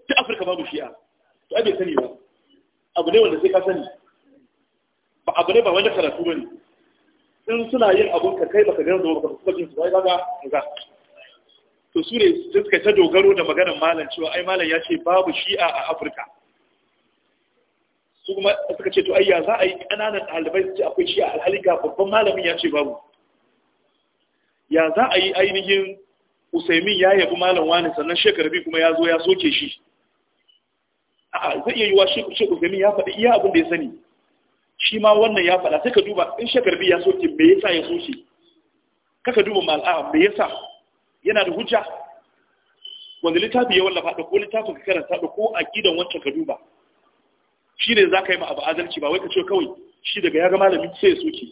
ta afirka babu shi'a to ai bai sani ba abu ne wanda sai ka sani ba abu ne ba wanda karatu ba ne in suna yin abun ka kai baka gano ba kuma jin su ba kaga ga to su ne suka ta dogaro da maganar malam cewa ai malam ya ce babu shi'a a afirka su kuma suka ce to ayya za a yi ƙananan ɗalibai su ce akwai shi a alhalika babban malamin ya ce babu ya za a yi ainihin usaimin ya yabi malam wani sannan shekarabi kuma ya zo ya soke shi a zai iya yiwa shi usaimin ya faɗi iya abin da ya sani shi ma wannan ya faɗa sai ka duba in biyu ya soke me yasa ya soke kaka duba mal'a me yasa yana da hujja wanda littafi ya wallafa ko littafin ka karanta ko a gidan wancan ka duba shi ne za ka yi ma abu adalci ba wai ka ce kawai shi daga ya ga malami sai ya soke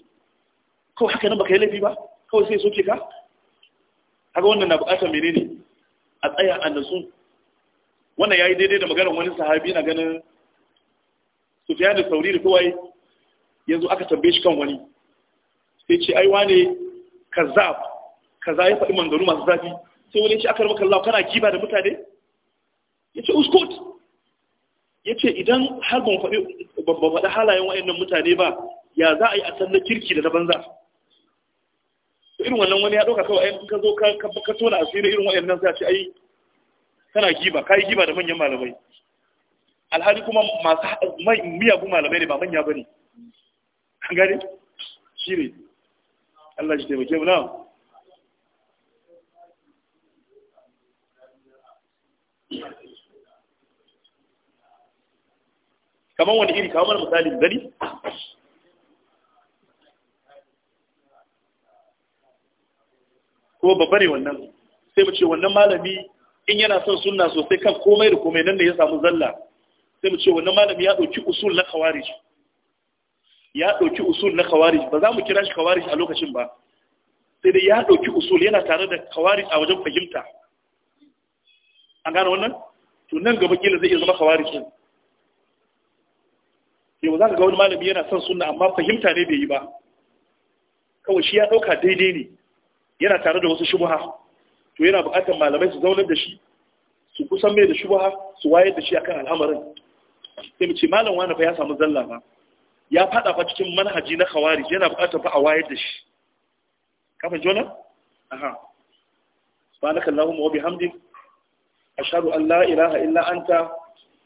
kawai haka nan baka yi laifi ba kawai sai ya soke ka haka wannan na bukatar menene a tsaya a nasu wannan ya yi daidai da maganar wani sahabi na ganin sufiya da sauri da kawai yanzu aka tambaye shi kan wani sai ce ai wane kazzab kaza ya faɗi mangaru masu zafi sai wani ce aka rama kallawa kana kiba da mutane ya ce uskot ya ce idan har ban faɗi halayen wa'annan mutane ba ya za a yi a sannan kirki da na banza irin wannan wani ya ɗauka kawai ayin ka zo ka tona tsira irin wa'annan za a ce ai kana giba ka yi giba da manyan malamai alhali kuma masu miyagu malamai ne ba manya ba ne an gane shi ne Allah shi taimake mu na kamar wani iri kamar misalin gani ko babba ne wannan sai mu ce wannan malami in yana son sunna sosai kan komai da komai nan da ya samu zalla sai mu ce wannan malami ya dauki usul na khawarij ya dauki usul na khawarij ba za mu kira shi khawarij a lokacin ba sai dai ya dauki usul yana tare da khawarij a wajen fahimta an gane wannan to nan gaba kila zai iya zama khawarij din yau za ka ga wani malami yana son sunna amma fahimta ne bai yi ba kawai shi ya ɗauka daidai ne yana tare da wasu shubuha to yana buƙatar malamai su zaunar da shi su kusan mai da shubuha su wayar da shi akan al'amarin sai mu ce malam wani fa ya samu zalla ba ya faɗa fa cikin manhaji na khawari yana buƙatar fa a wayar da shi kafa jona aha subhanaka allahumma wa bihamdik ashhadu an la ilaha illa anta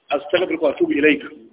astaghfiruka wa atubu ilaika.